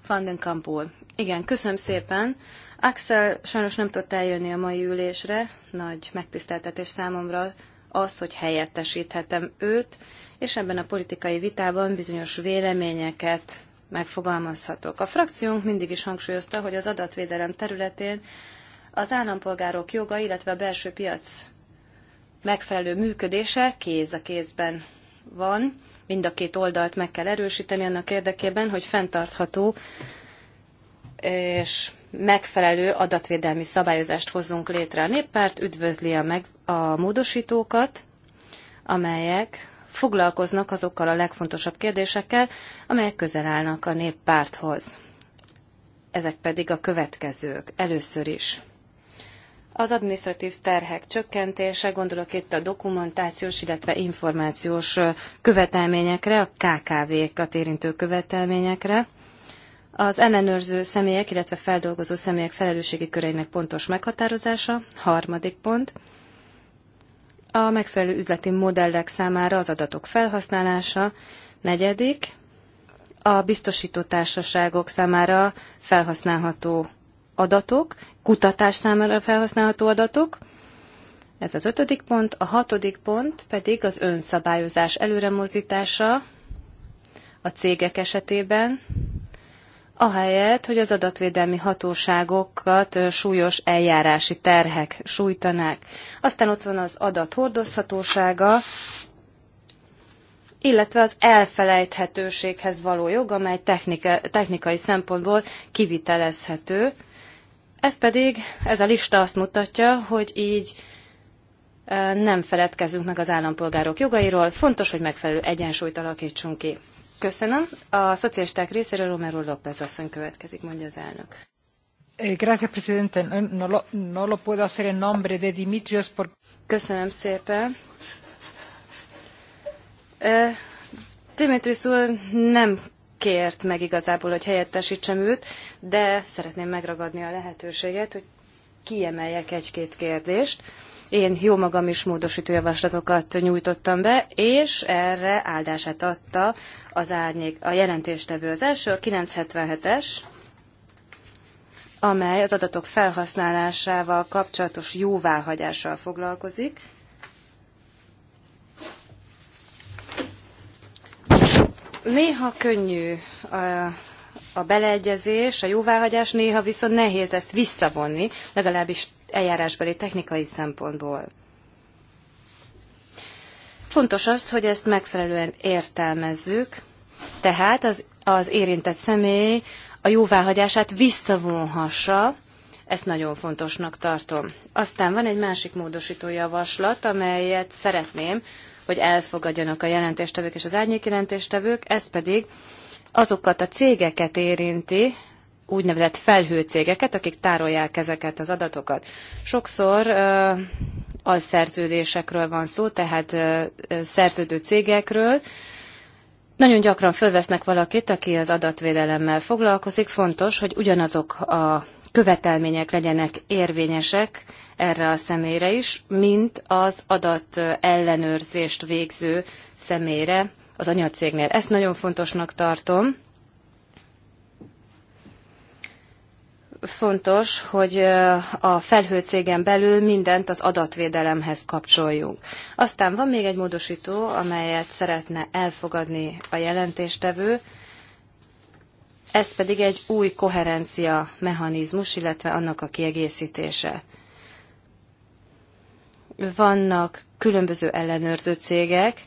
S3: Van den Kampul. Igen, köszönöm szépen. Axel sajnos nem tudott eljönni a mai ülésre, nagy megtiszteltetés számomra az, hogy helyettesíthetem őt, és ebben a politikai vitában bizonyos véleményeket megfogalmazhatok. A frakciónk mindig is hangsúlyozta, hogy az adatvédelem területén az állampolgárok joga, illetve a belső piac megfelelő működése kéz a kézben van. Mind a két oldalt meg kell erősíteni annak érdekében, hogy fenntartható és megfelelő adatvédelmi szabályozást hozzunk létre. A néppárt üdvözli a, meg, a módosítókat, amelyek foglalkoznak azokkal a legfontosabb kérdésekkel, amelyek közel állnak a néppárthoz. Ezek pedig a következők. Először is. Az administratív terhek csökkentése, gondolok itt a dokumentációs, illetve információs követelményekre, a KKV-kat érintő követelményekre. Az ellenőrző személyek, illetve feldolgozó személyek felelősségi köreinek pontos meghatározása, harmadik pont, a megfelelő üzleti modellek számára az adatok felhasználása, negyedik, a biztosító társaságok számára felhasználható adatok, kutatás számára felhasználható adatok, ez az ötödik pont, a hatodik pont pedig az önszabályozás előremozdítása a cégek esetében, ahelyett, hogy az adatvédelmi hatóságokat súlyos eljárási terhek sújtanák. Aztán ott van az adat hordozhatósága, illetve az elfelejthetőséghez való jog, amely technika, technikai szempontból kivitelezhető. Ez pedig, ez a lista azt mutatja, hogy így nem feledkezünk meg az állampolgárok jogairól, fontos, hogy megfelelő egyensúlyt alakítsunk ki. Köszönöm. A szocialisták részéről Romero López asszony következik, mondja az elnök. Eh, gracias, presidente. No lo, no lo puedo hacer en nombre de Dimitrios. Por... Köszönöm szépen. Eh, Dimitris úr nem kért meg igazából, hogy helyettesítsem őt, de szeretném megragadni a lehetőséget, hogy kiemeljek egy-két kérdést én jó magam is módosító javaslatokat nyújtottam be, és erre áldását adta az árnyék, a jelentéstevő. Az első a 977-es, amely az adatok felhasználásával kapcsolatos jóváhagyással foglalkozik. Néha könnyű a, a beleegyezés, a jóváhagyás, néha viszont nehéz ezt visszavonni, legalábbis eljárásbeli technikai szempontból. Fontos az, hogy ezt megfelelően értelmezzük, tehát az, az érintett személy a jóváhagyását visszavonhassa, ezt nagyon fontosnak tartom. Aztán van egy másik módosító javaslat, amelyet szeretném, hogy elfogadjanak a jelentéstevők és az árnyék jelentéstevők, ez pedig azokat a cégeket érinti, úgynevezett felhőcégeket, akik tárolják ezeket az adatokat. Sokszor az szerződésekről van szó, tehát szerződő cégekről. Nagyon gyakran fölvesznek valakit, aki az adatvédelemmel foglalkozik. Fontos, hogy ugyanazok a követelmények legyenek érvényesek erre a személyre is, mint az adat ellenőrzést végző személyre az anyacégnél. Ezt nagyon fontosnak tartom. fontos, hogy a felhőcégen belül mindent az adatvédelemhez kapcsoljunk. Aztán van még egy módosító, amelyet szeretne elfogadni a jelentéstevő, ez pedig egy új koherencia mechanizmus, illetve annak a kiegészítése. Vannak különböző ellenőrző cégek,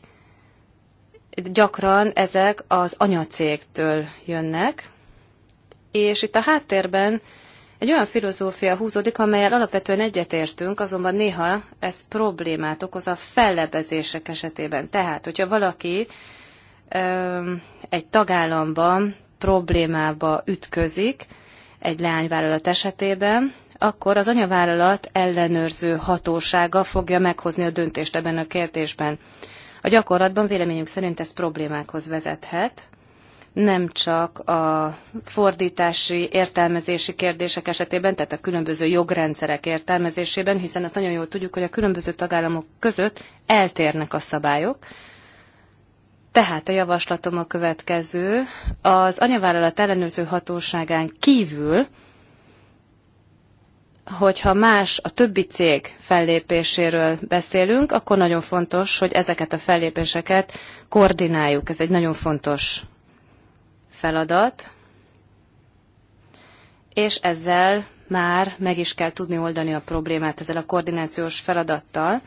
S3: gyakran ezek az anyacégtől jönnek, és itt a háttérben egy olyan filozófia húzódik, amelyel alapvetően egyetértünk, azonban néha ez problémát okoz a fellebezések esetében. Tehát, hogyha valaki ö, egy tagállamban problémába ütközik, egy leányvállalat esetében, akkor az anyavállalat ellenőrző hatósága fogja meghozni a döntést ebben a kérdésben. A gyakorlatban véleményünk szerint ez problémákhoz vezethet, nem csak a fordítási, értelmezési kérdések esetében, tehát a különböző jogrendszerek értelmezésében, hiszen azt nagyon jól tudjuk, hogy a különböző tagállamok között eltérnek a szabályok. Tehát a javaslatom a következő. Az anyavállalat ellenőrző hatóságán kívül hogyha más a többi cég fellépéséről beszélünk, akkor nagyon fontos, hogy ezeket a fellépéseket koordináljuk. Ez egy nagyon fontos feladat, és ezzel már meg is kell tudni oldani a problémát ezzel a koordinációs feladattal.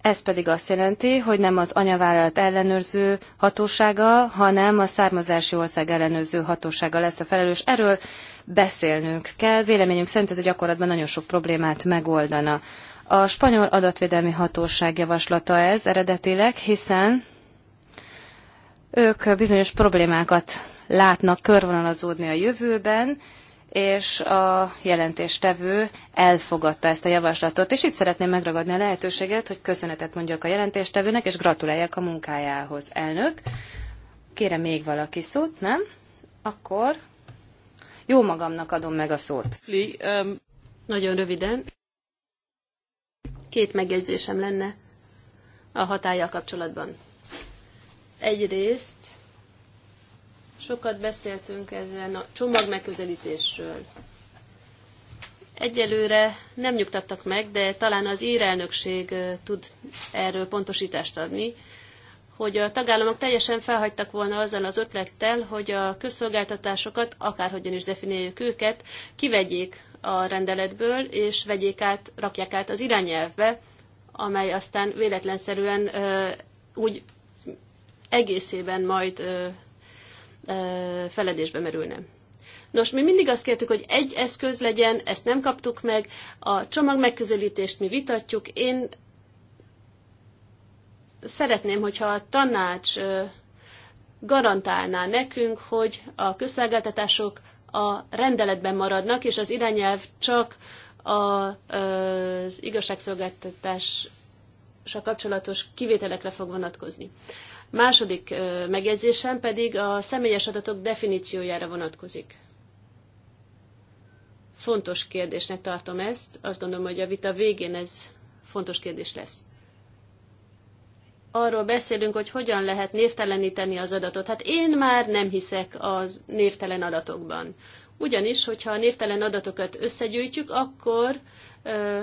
S3: Ez pedig azt jelenti, hogy nem az anyavállalat ellenőrző hatósága, hanem a származási ország ellenőrző hatósága lesz a felelős. Erről beszélnünk kell. Véleményünk szerint ez a gyakorlatban nagyon sok problémát megoldana. A spanyol adatvédelmi hatóság javaslata ez eredetileg, hiszen ők bizonyos problémákat látnak körvonalazódni a jövőben, és a jelentéstevő elfogadta ezt a javaslatot, és itt szeretném megragadni a lehetőséget, hogy köszönetet mondjak a jelentéstevőnek, és gratuláljak a munkájához. Elnök, kérem még valaki szót, nem? Akkor jó magamnak adom meg a szót. Nagyon röviden. Két megjegyzésem lenne
S2: a hatája kapcsolatban. Egyrészt sokat beszéltünk ezen a csomag megközelítésről. Egyelőre nem nyugtattak meg, de talán az írelnökség tud erről pontosítást adni, hogy a tagállamok teljesen felhagytak volna azzal az ötlettel, hogy a közszolgáltatásokat, akárhogyan is definiáljuk őket, kivegyék a rendeletből, és vegyék át, rakják át az irányelvbe, amely aztán véletlenszerűen ö, úgy egészében majd ö, ö, feledésbe merülne. Nos, mi mindig azt kértük, hogy egy eszköz legyen, ezt nem kaptuk meg, a csomag megközelítést mi vitatjuk. Én szeretném, hogyha a tanács garantálná nekünk, hogy a közszolgáltatások a rendeletben maradnak, és az irányelv csak az igazságszolgáltatással kapcsolatos kivételekre fog vonatkozni. Második megjegyzésem pedig a személyes adatok definíciójára vonatkozik. Fontos kérdésnek tartom ezt. Azt gondolom, hogy a vita végén ez fontos kérdés lesz arról beszélünk, hogy hogyan lehet névteleníteni az adatot. Hát én már nem hiszek az névtelen adatokban. Ugyanis, hogyha a névtelen adatokat összegyűjtjük, akkor ö,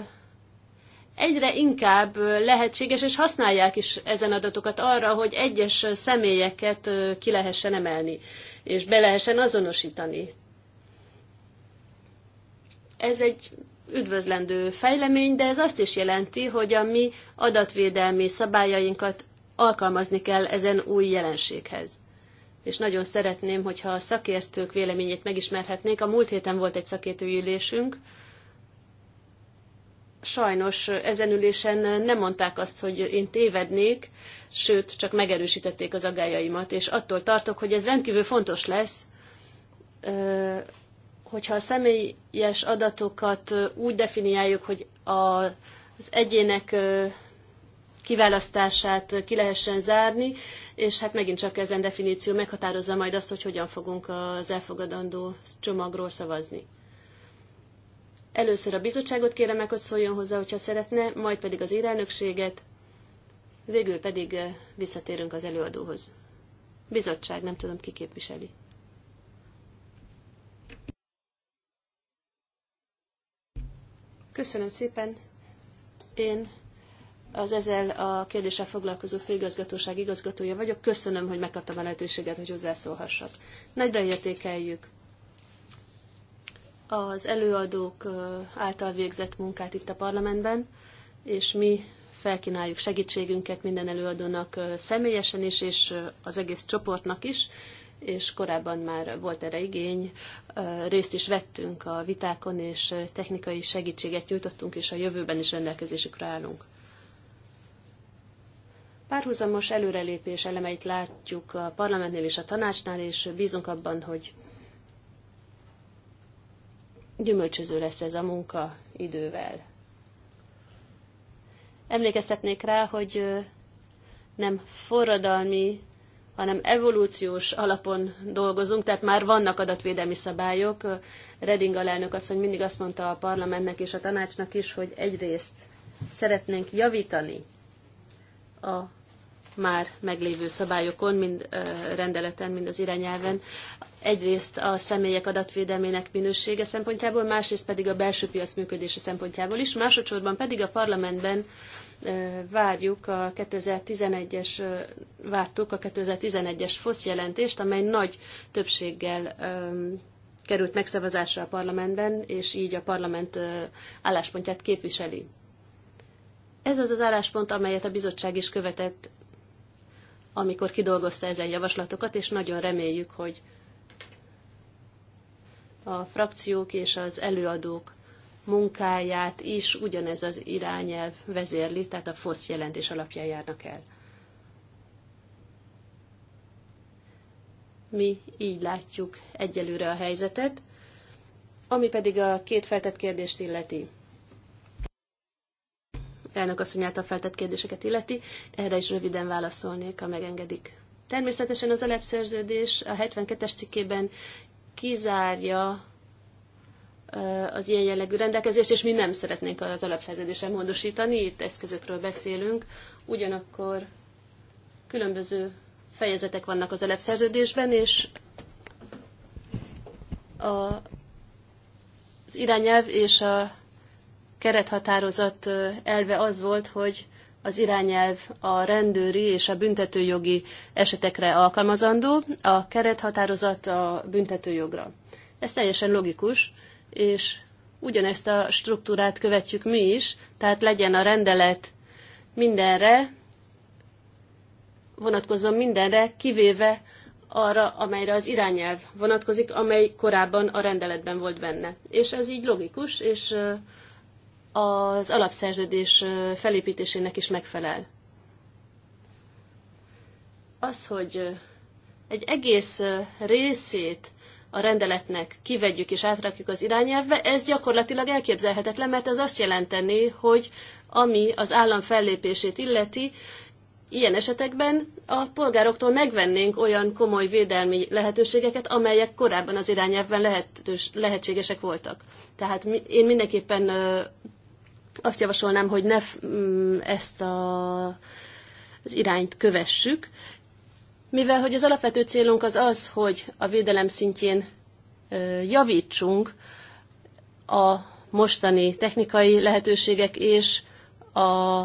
S2: egyre inkább lehetséges, és használják is ezen adatokat arra, hogy egyes személyeket ki lehessen emelni, és be lehessen azonosítani. Ez egy üdvözlendő fejlemény, de ez azt is jelenti, hogy a mi adatvédelmi szabályainkat alkalmazni kell ezen új jelenséghez. És nagyon szeretném, hogyha a szakértők véleményét megismerhetnék. A múlt héten volt egy szakértői ülésünk, sajnos ezen ülésen nem mondták azt, hogy én tévednék, sőt, csak megerősítették az agályaimat, és attól tartok, hogy ez rendkívül fontos lesz, hogyha a személyes adatokat úgy definiáljuk, hogy az egyének kiválasztását ki lehessen zárni, és hát megint csak ezen definíció meghatározza majd azt, hogy hogyan fogunk az elfogadandó csomagról szavazni. Először a bizottságot kérem meg, hogy szóljon hozzá, hogyha szeretne, majd pedig az iránökséget, végül pedig eh, visszatérünk az előadóhoz. Bizottság, nem tudom, ki képviseli. Köszönöm szépen. Én az ezzel a kérdéssel foglalkozó főigazgatóság igazgatója vagyok. Köszönöm, hogy megkaptam a lehetőséget, hogy hozzászólhassak. Nagyra értékeljük az előadók által végzett munkát itt a parlamentben, és mi felkínáljuk segítségünket minden előadónak személyesen is, és az egész csoportnak is, és korábban már volt erre igény, részt is vettünk a vitákon, és technikai segítséget nyújtottunk, és a jövőben is rendelkezésükre állunk. Párhuzamos előrelépés elemeit látjuk a parlamentnél és a tanácsnál, és bízunk abban, hogy gyümölcsöző lesz ez a munka idővel. Emlékeztetnék rá, hogy nem forradalmi, hanem evolúciós alapon dolgozunk, tehát már vannak adatvédelmi szabályok. Reding alelnök asszony mindig azt mondta a parlamentnek és a tanácsnak is, hogy egyrészt szeretnénk javítani a már meglévő szabályokon, mind rendeleten, mind az irányelven. Egyrészt a személyek adatvédelmének minősége szempontjából, másrészt pedig a belső piac működése szempontjából is, másodszorban pedig a parlamentben várjuk a 2011-es, vártuk a 2011-es FOSZ jelentést, amely nagy többséggel került megszavazásra a parlamentben, és így a parlament álláspontját képviseli. Ez az az álláspont, amelyet a bizottság is követett amikor kidolgozta ezen javaslatokat, és nagyon reméljük, hogy a frakciók és az előadók munkáját is ugyanez az irányelv vezérli, tehát a FOSZ jelentés alapján járnak el. Mi így látjuk egyelőre a helyzetet, ami pedig a két feltett kérdést illeti elnök asszony által feltett kérdéseket illeti, erre is röviden válaszolnék, ha megengedik. Természetesen az alapszerződés a 72-es cikkében kizárja az ilyen jellegű rendelkezést, és mi nem szeretnénk az alapszerződésen módosítani, itt eszközökről beszélünk, ugyanakkor különböző fejezetek vannak az alapszerződésben, és a, az irányelv és a kerethatározat elve az volt, hogy az irányelv a rendőri és a büntetőjogi esetekre alkalmazandó, a kerethatározat a büntetőjogra. Ez teljesen logikus, és ugyanezt a struktúrát követjük mi is, tehát legyen a rendelet mindenre, vonatkozzon mindenre, kivéve arra, amelyre az irányelv vonatkozik, amely korábban a rendeletben volt benne. És ez így logikus, és az alapszerződés felépítésének is megfelel. Az, hogy egy egész részét a rendeletnek kivegyük és átrakjuk az irányelvbe, ez gyakorlatilag elképzelhetetlen, mert ez azt jelenteni, hogy ami az állam fellépését illeti, ilyen esetekben a polgároktól megvennénk olyan komoly védelmi lehetőségeket, amelyek korábban az irányelvben lehetős, lehetségesek voltak. Tehát én mindenképpen azt javasolnám, hogy ne mm, ezt a, az irányt kövessük, mivel hogy az alapvető célunk az az, hogy a védelem szintjén javítsunk a mostani technikai lehetőségek és a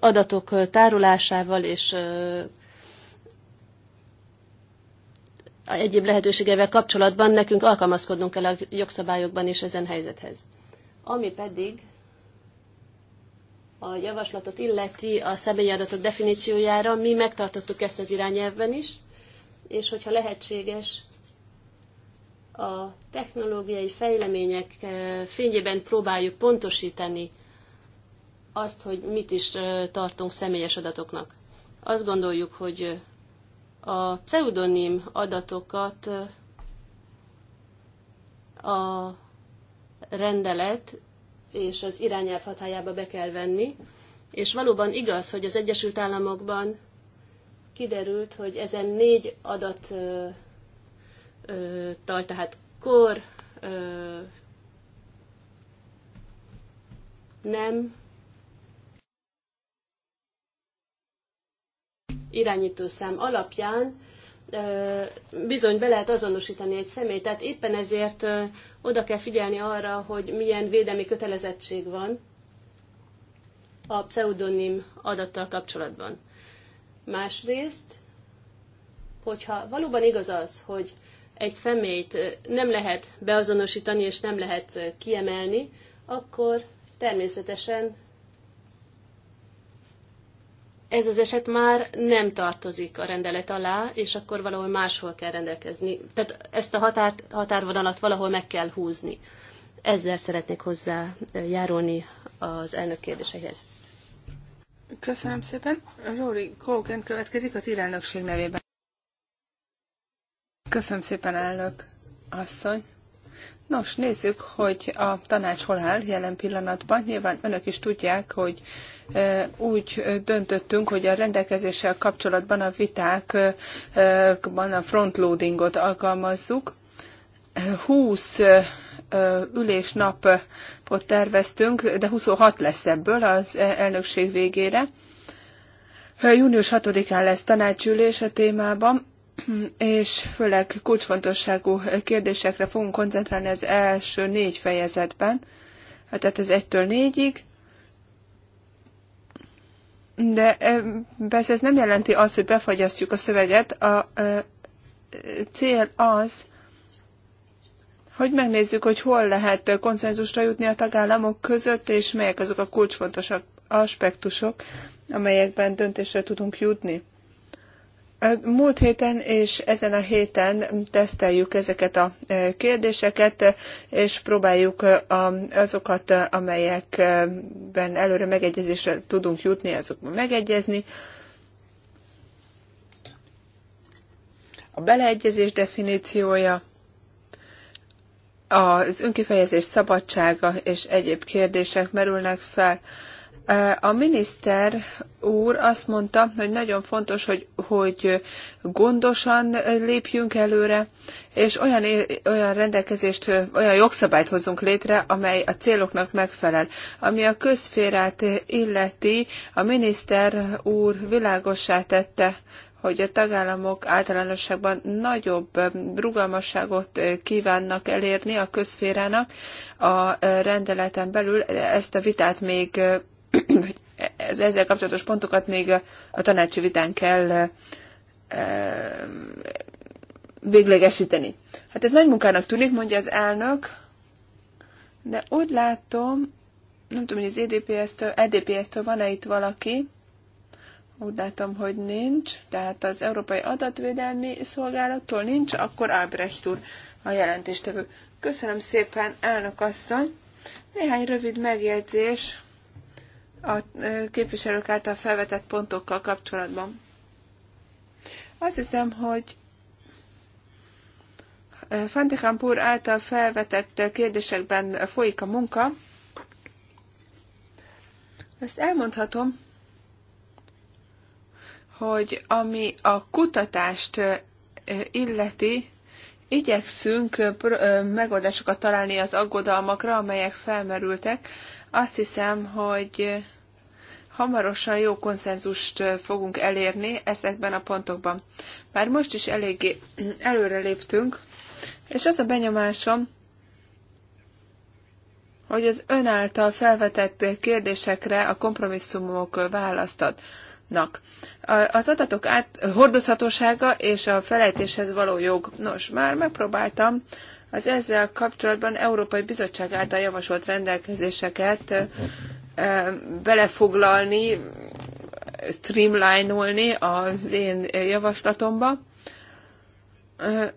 S2: adatok tárolásával és egyéb lehetőségevel kapcsolatban nekünk alkalmazkodnunk kell a jogszabályokban és ezen helyzethez. Ami pedig a javaslatot illeti a személyi adatok definíciójára, mi megtartottuk ezt az irányelvben is, és hogyha lehetséges, a technológiai fejlemények eh, fényében próbáljuk pontosítani azt, hogy mit is eh, tartunk személyes adatoknak. Azt gondoljuk, hogy eh, a pseudonim adatokat a rendelet és az irányelv hatájába be kell venni. És valóban igaz, hogy az Egyesült Államokban kiderült, hogy ezen négy tal, tehát kor, ö, nem, irányítószám alapján bizony be lehet azonosítani egy személyt. Tehát éppen ezért oda kell figyelni arra, hogy milyen védelmi kötelezettség van a pseudonim adattal kapcsolatban. Másrészt, hogyha valóban igaz az, hogy egy személyt nem lehet beazonosítani és nem lehet kiemelni, akkor természetesen ez az eset már nem tartozik a rendelet alá, és akkor valahol máshol kell rendelkezni. Tehát ezt a határt, határvonalat valahol meg kell húzni. Ezzel szeretnék hozzájárulni az elnök kérdéseihez.
S1: Köszönöm szépen. Rory Kogan következik az irányokség nevében. Köszönöm szépen, elnök asszony. Nos, nézzük, hogy a tanács hol áll jelen pillanatban. Nyilván önök is tudják, hogy úgy döntöttünk, hogy a rendelkezéssel kapcsolatban a vitákban a frontloadingot alkalmazzuk. 20 ülésnapot terveztünk, de 26 lesz ebből az e, elnökség végére. Június 6-án lesz tanácsülés a témában és főleg kulcsfontosságú kérdésekre fogunk koncentrálni az első négy fejezetben, hát tehát ez egytől négyig. de persze ez nem jelenti azt, hogy befagyasztjuk a szöveget, a cél az, hogy megnézzük, hogy hol lehet konszenzusra jutni a tagállamok között, és melyek azok a kulcsfontosak aspektusok, amelyekben döntésre tudunk jutni. Múlt héten és ezen a héten teszteljük ezeket a e, kérdéseket, és próbáljuk e, azokat, e, amelyekben előre megegyezésre tudunk jutni, azokban megegyezni. A beleegyezés definíciója, az önkifejezés szabadsága és egyéb kérdések merülnek fel. A miniszter úr azt mondta, hogy nagyon fontos, hogy, hogy gondosan lépjünk előre, és olyan, olyan rendelkezést, olyan jogszabályt hozzunk létre, amely a céloknak megfelel. Ami a közférát illeti, a miniszter úr világossá tette, hogy a tagállamok általánosságban nagyobb rugalmasságot kívánnak elérni a közférának a rendeleten belül. Ezt a vitát még ez, ezzel kapcsolatos pontokat még a tanácsi vitán kell véglegesíteni. Hát ez nagy munkának tűnik, mondja az elnök, de úgy látom, nem tudom, hogy az EDPS-től, EDPS-től van-e itt valaki, úgy látom, hogy nincs, tehát az Európai Adatvédelmi Szolgálattól nincs, akkor Albrecht úr a jelentéstevő. Köszönöm szépen, elnök asszony! Néhány rövid megjegyzés a képviselők által felvetett pontokkal kapcsolatban. Azt hiszem, hogy Fantekamp úr által felvetett kérdésekben folyik a munka. Ezt elmondhatom, hogy ami a kutatást illeti, igyekszünk megoldásokat találni az aggodalmakra, amelyek felmerültek azt hiszem, hogy hamarosan jó konszenzust fogunk elérni ezekben a pontokban. Már most is eléggé [CLEARS THROAT] előre léptünk, és az a benyomásom, hogy az ön által felvetett kérdésekre a kompromisszumok választatnak. Az adatok át, hordozhatósága és a felejtéshez való jog. Nos, már megpróbáltam az ezzel kapcsolatban Európai Bizottság által javasolt rendelkezéseket belefoglalni, streamline-olni az én javaslatomba.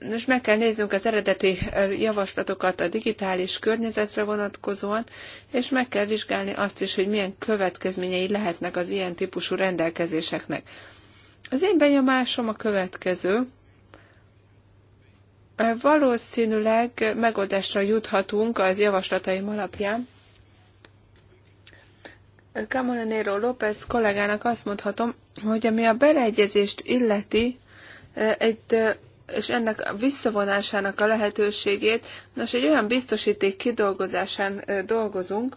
S1: Most meg kell néznünk az eredeti javaslatokat a digitális környezetre vonatkozóan, és meg kell vizsgálni azt is, hogy milyen következményei lehetnek az ilyen típusú rendelkezéseknek. Az én benyomásom a következő, Valószínűleg megoldásra juthatunk az javaslataim alapján. Camolanero López kollégának azt mondhatom, hogy ami a beleegyezést illeti, egy, és ennek a visszavonásának a lehetőségét, nos, egy olyan biztosíték kidolgozásán dolgozunk,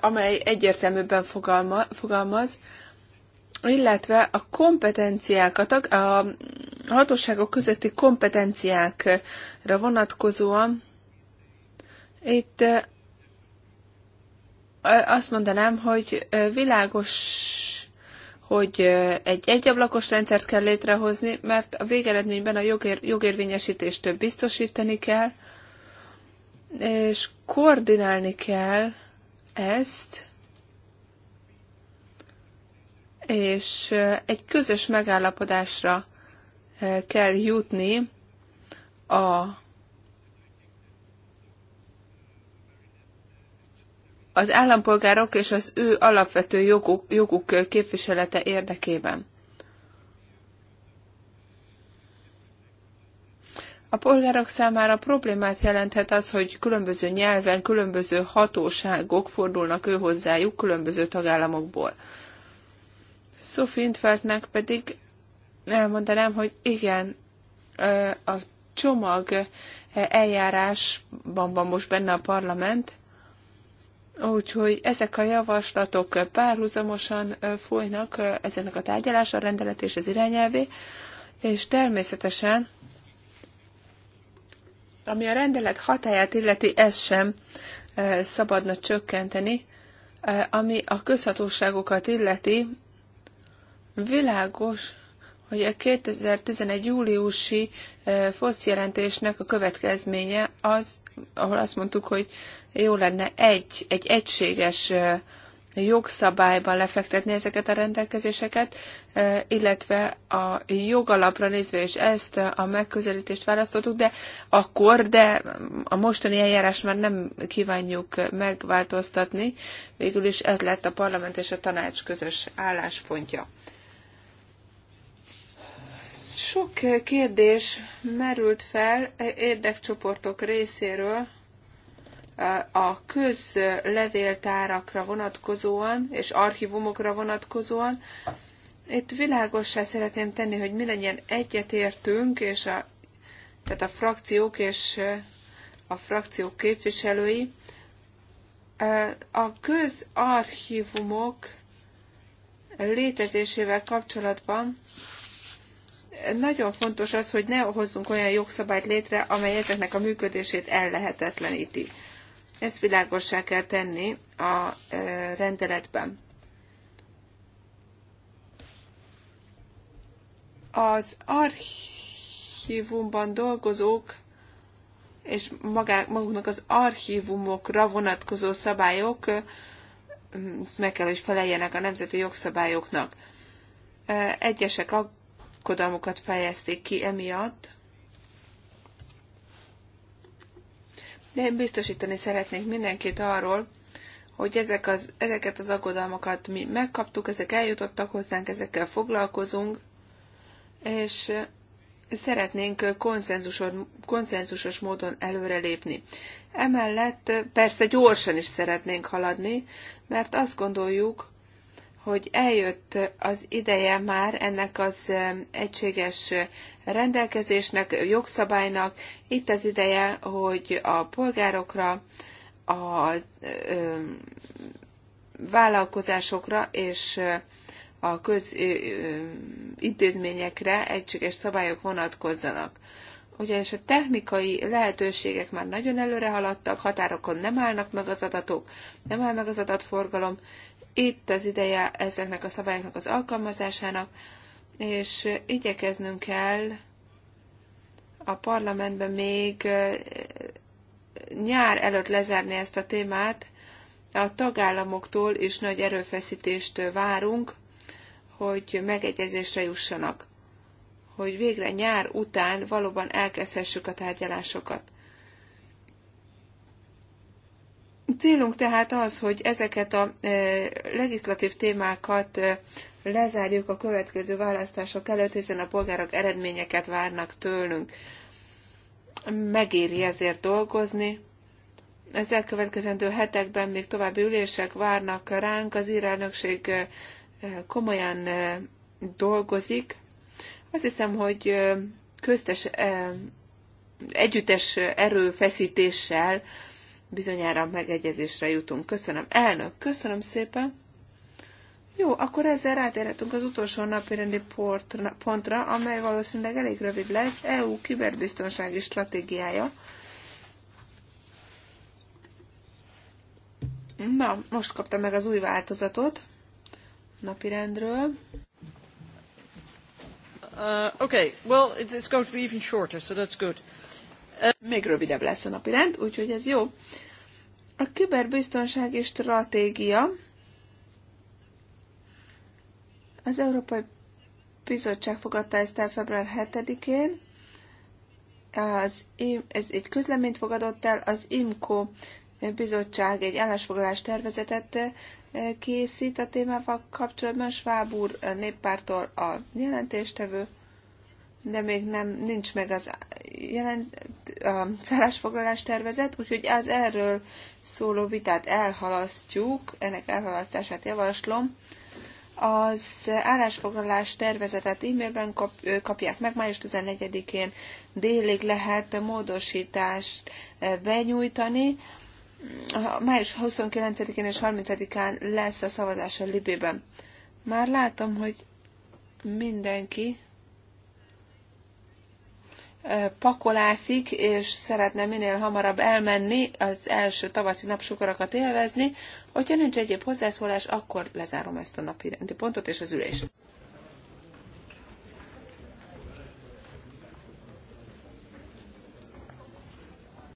S1: amely egyértelműbben fogalmaz, illetve a kompetenciákat, a hatóságok közötti kompetenciákra vonatkozóan itt azt mondanám, hogy világos, hogy egy egyablakos rendszert kell létrehozni, mert a végeredményben a jogér, jogérvényesítést biztosítani kell, és koordinálni kell ezt, és egy közös megállapodásra kell jutni a az állampolgárok és az ő alapvető joguk, joguk képviselete érdekében. A polgárok számára problémát jelenthet az, hogy különböző nyelven, különböző hatóságok fordulnak ő hozzájuk különböző tagállamokból. Sophie Intfeltnek pedig elmondanám, hogy igen, a csomag eljárásban van most benne a parlament, Úgyhogy ezek a javaslatok párhuzamosan folynak ezeknek a tárgyalása, a rendelet és az irányelvé, és természetesen, ami a rendelet hatáját illeti, ez sem szabadna csökkenteni, ami a közhatóságokat illeti, Világos, hogy a 2011. júliusi e, FOSZ jelentésnek a következménye az, ahol azt mondtuk, hogy jó lenne egy, egy egységes e, jogszabályban lefektetni ezeket a rendelkezéseket, e, illetve a jogalapra nézve is ezt a megközelítést választottuk, de akkor, de a mostani eljárás már nem kívánjuk megváltoztatni, végül is ez lett a parlament és a tanács közös álláspontja. Sok eh, kérdés merült fel eh, érdekcsoportok részéről eh, a közlevéltárakra vonatkozóan és archívumokra vonatkozóan. Itt világosá szeretném tenni, hogy mindannyian egyetértünk, és a, tehát a frakciók és a frakciók képviselői. A közarchívumok létezésével kapcsolatban nagyon fontos az, hogy ne hozzunk olyan jogszabályt létre, amely ezeknek a működését ellehetetleníti. Ezt világossá kell tenni a e, rendeletben. Az archívumban dolgozók és maguknak az archívumokra vonatkozó szabályok e, meg kell, hogy feleljenek a nemzeti jogszabályoknak. E, egyesek kodalmukat fejezték ki emiatt. De én biztosítani szeretnék mindenkit arról, hogy ezek az, ezeket az aggodalmakat mi megkaptuk, ezek eljutottak hozzánk, ezekkel foglalkozunk, és szeretnénk konszenzusos, konszenzusos módon előrelépni. Emellett persze gyorsan is szeretnénk haladni, mert azt gondoljuk, hogy eljött az ideje már ennek az egységes rendelkezésnek, jogszabálynak. Itt az ideje, hogy a polgárokra, a vállalkozásokra és a közintézményekre egységes szabályok vonatkozzanak. Ugyanis a technikai lehetőségek már nagyon előre haladtak, határokon nem állnak meg az adatok, nem áll meg az adatforgalom, itt az ideje ezeknek a szabályoknak az alkalmazásának, és igyekeznünk kell a parlamentben még nyár előtt lezárni ezt a témát. A tagállamoktól is nagy erőfeszítést várunk, hogy megegyezésre jussanak, hogy végre nyár után valóban elkezdhessük a tárgyalásokat. Célunk tehát az, hogy ezeket a e, legislatív témákat e, lezárjuk a következő választások előtt, hiszen a polgárok eredményeket várnak tőlünk. Megéri ezért dolgozni. Az elkövetkezendő hetekben még további ülések várnak ránk. Az írelnökség e, komolyan dolgozik. Azt hiszem, hogy köztes együttes erőfeszítéssel bizonyára megegyezésre jutunk. Köszönöm, elnök, köszönöm szépen. Jó, akkor ezzel rátérhetünk az utolsó napi rendi pontra, amely valószínűleg elég rövid lesz, EU kiberbiztonsági stratégiája. Na, most kaptam meg az új változatot napirendről. Uh, okay, well, it's going to be even shorter, so that's good még rövidebb lesz a napi rend, úgyhogy ez jó. A kiberbiztonsági stratégia az Európai Bizottság fogadta ezt el február 7-én. Az, ez egy közleményt fogadott el, az IMCO bizottság egy állásfoglalás tervezetet eh, készít a témával kapcsolatban. Schwab úr eh, néppártól a jelentéstevő de még nem nincs meg az jelent, a szállásfoglalás tervezet, úgyhogy az erről szóló vitát elhalasztjuk, ennek elhalasztását javaslom. Az állásfoglalás tervezetet e-mailben kap, kapják meg, május 14-én délig lehet módosítást benyújtani. Május 29-én és 30-án lesz a szavazás a Libében. Már látom, hogy mindenki pakolászik, és szeretne minél hamarabb elmenni, az első tavaszi napsugarakat élvezni. Hogyha nincs egyéb hozzászólás, akkor lezárom ezt a napi rendi pontot és az ülést.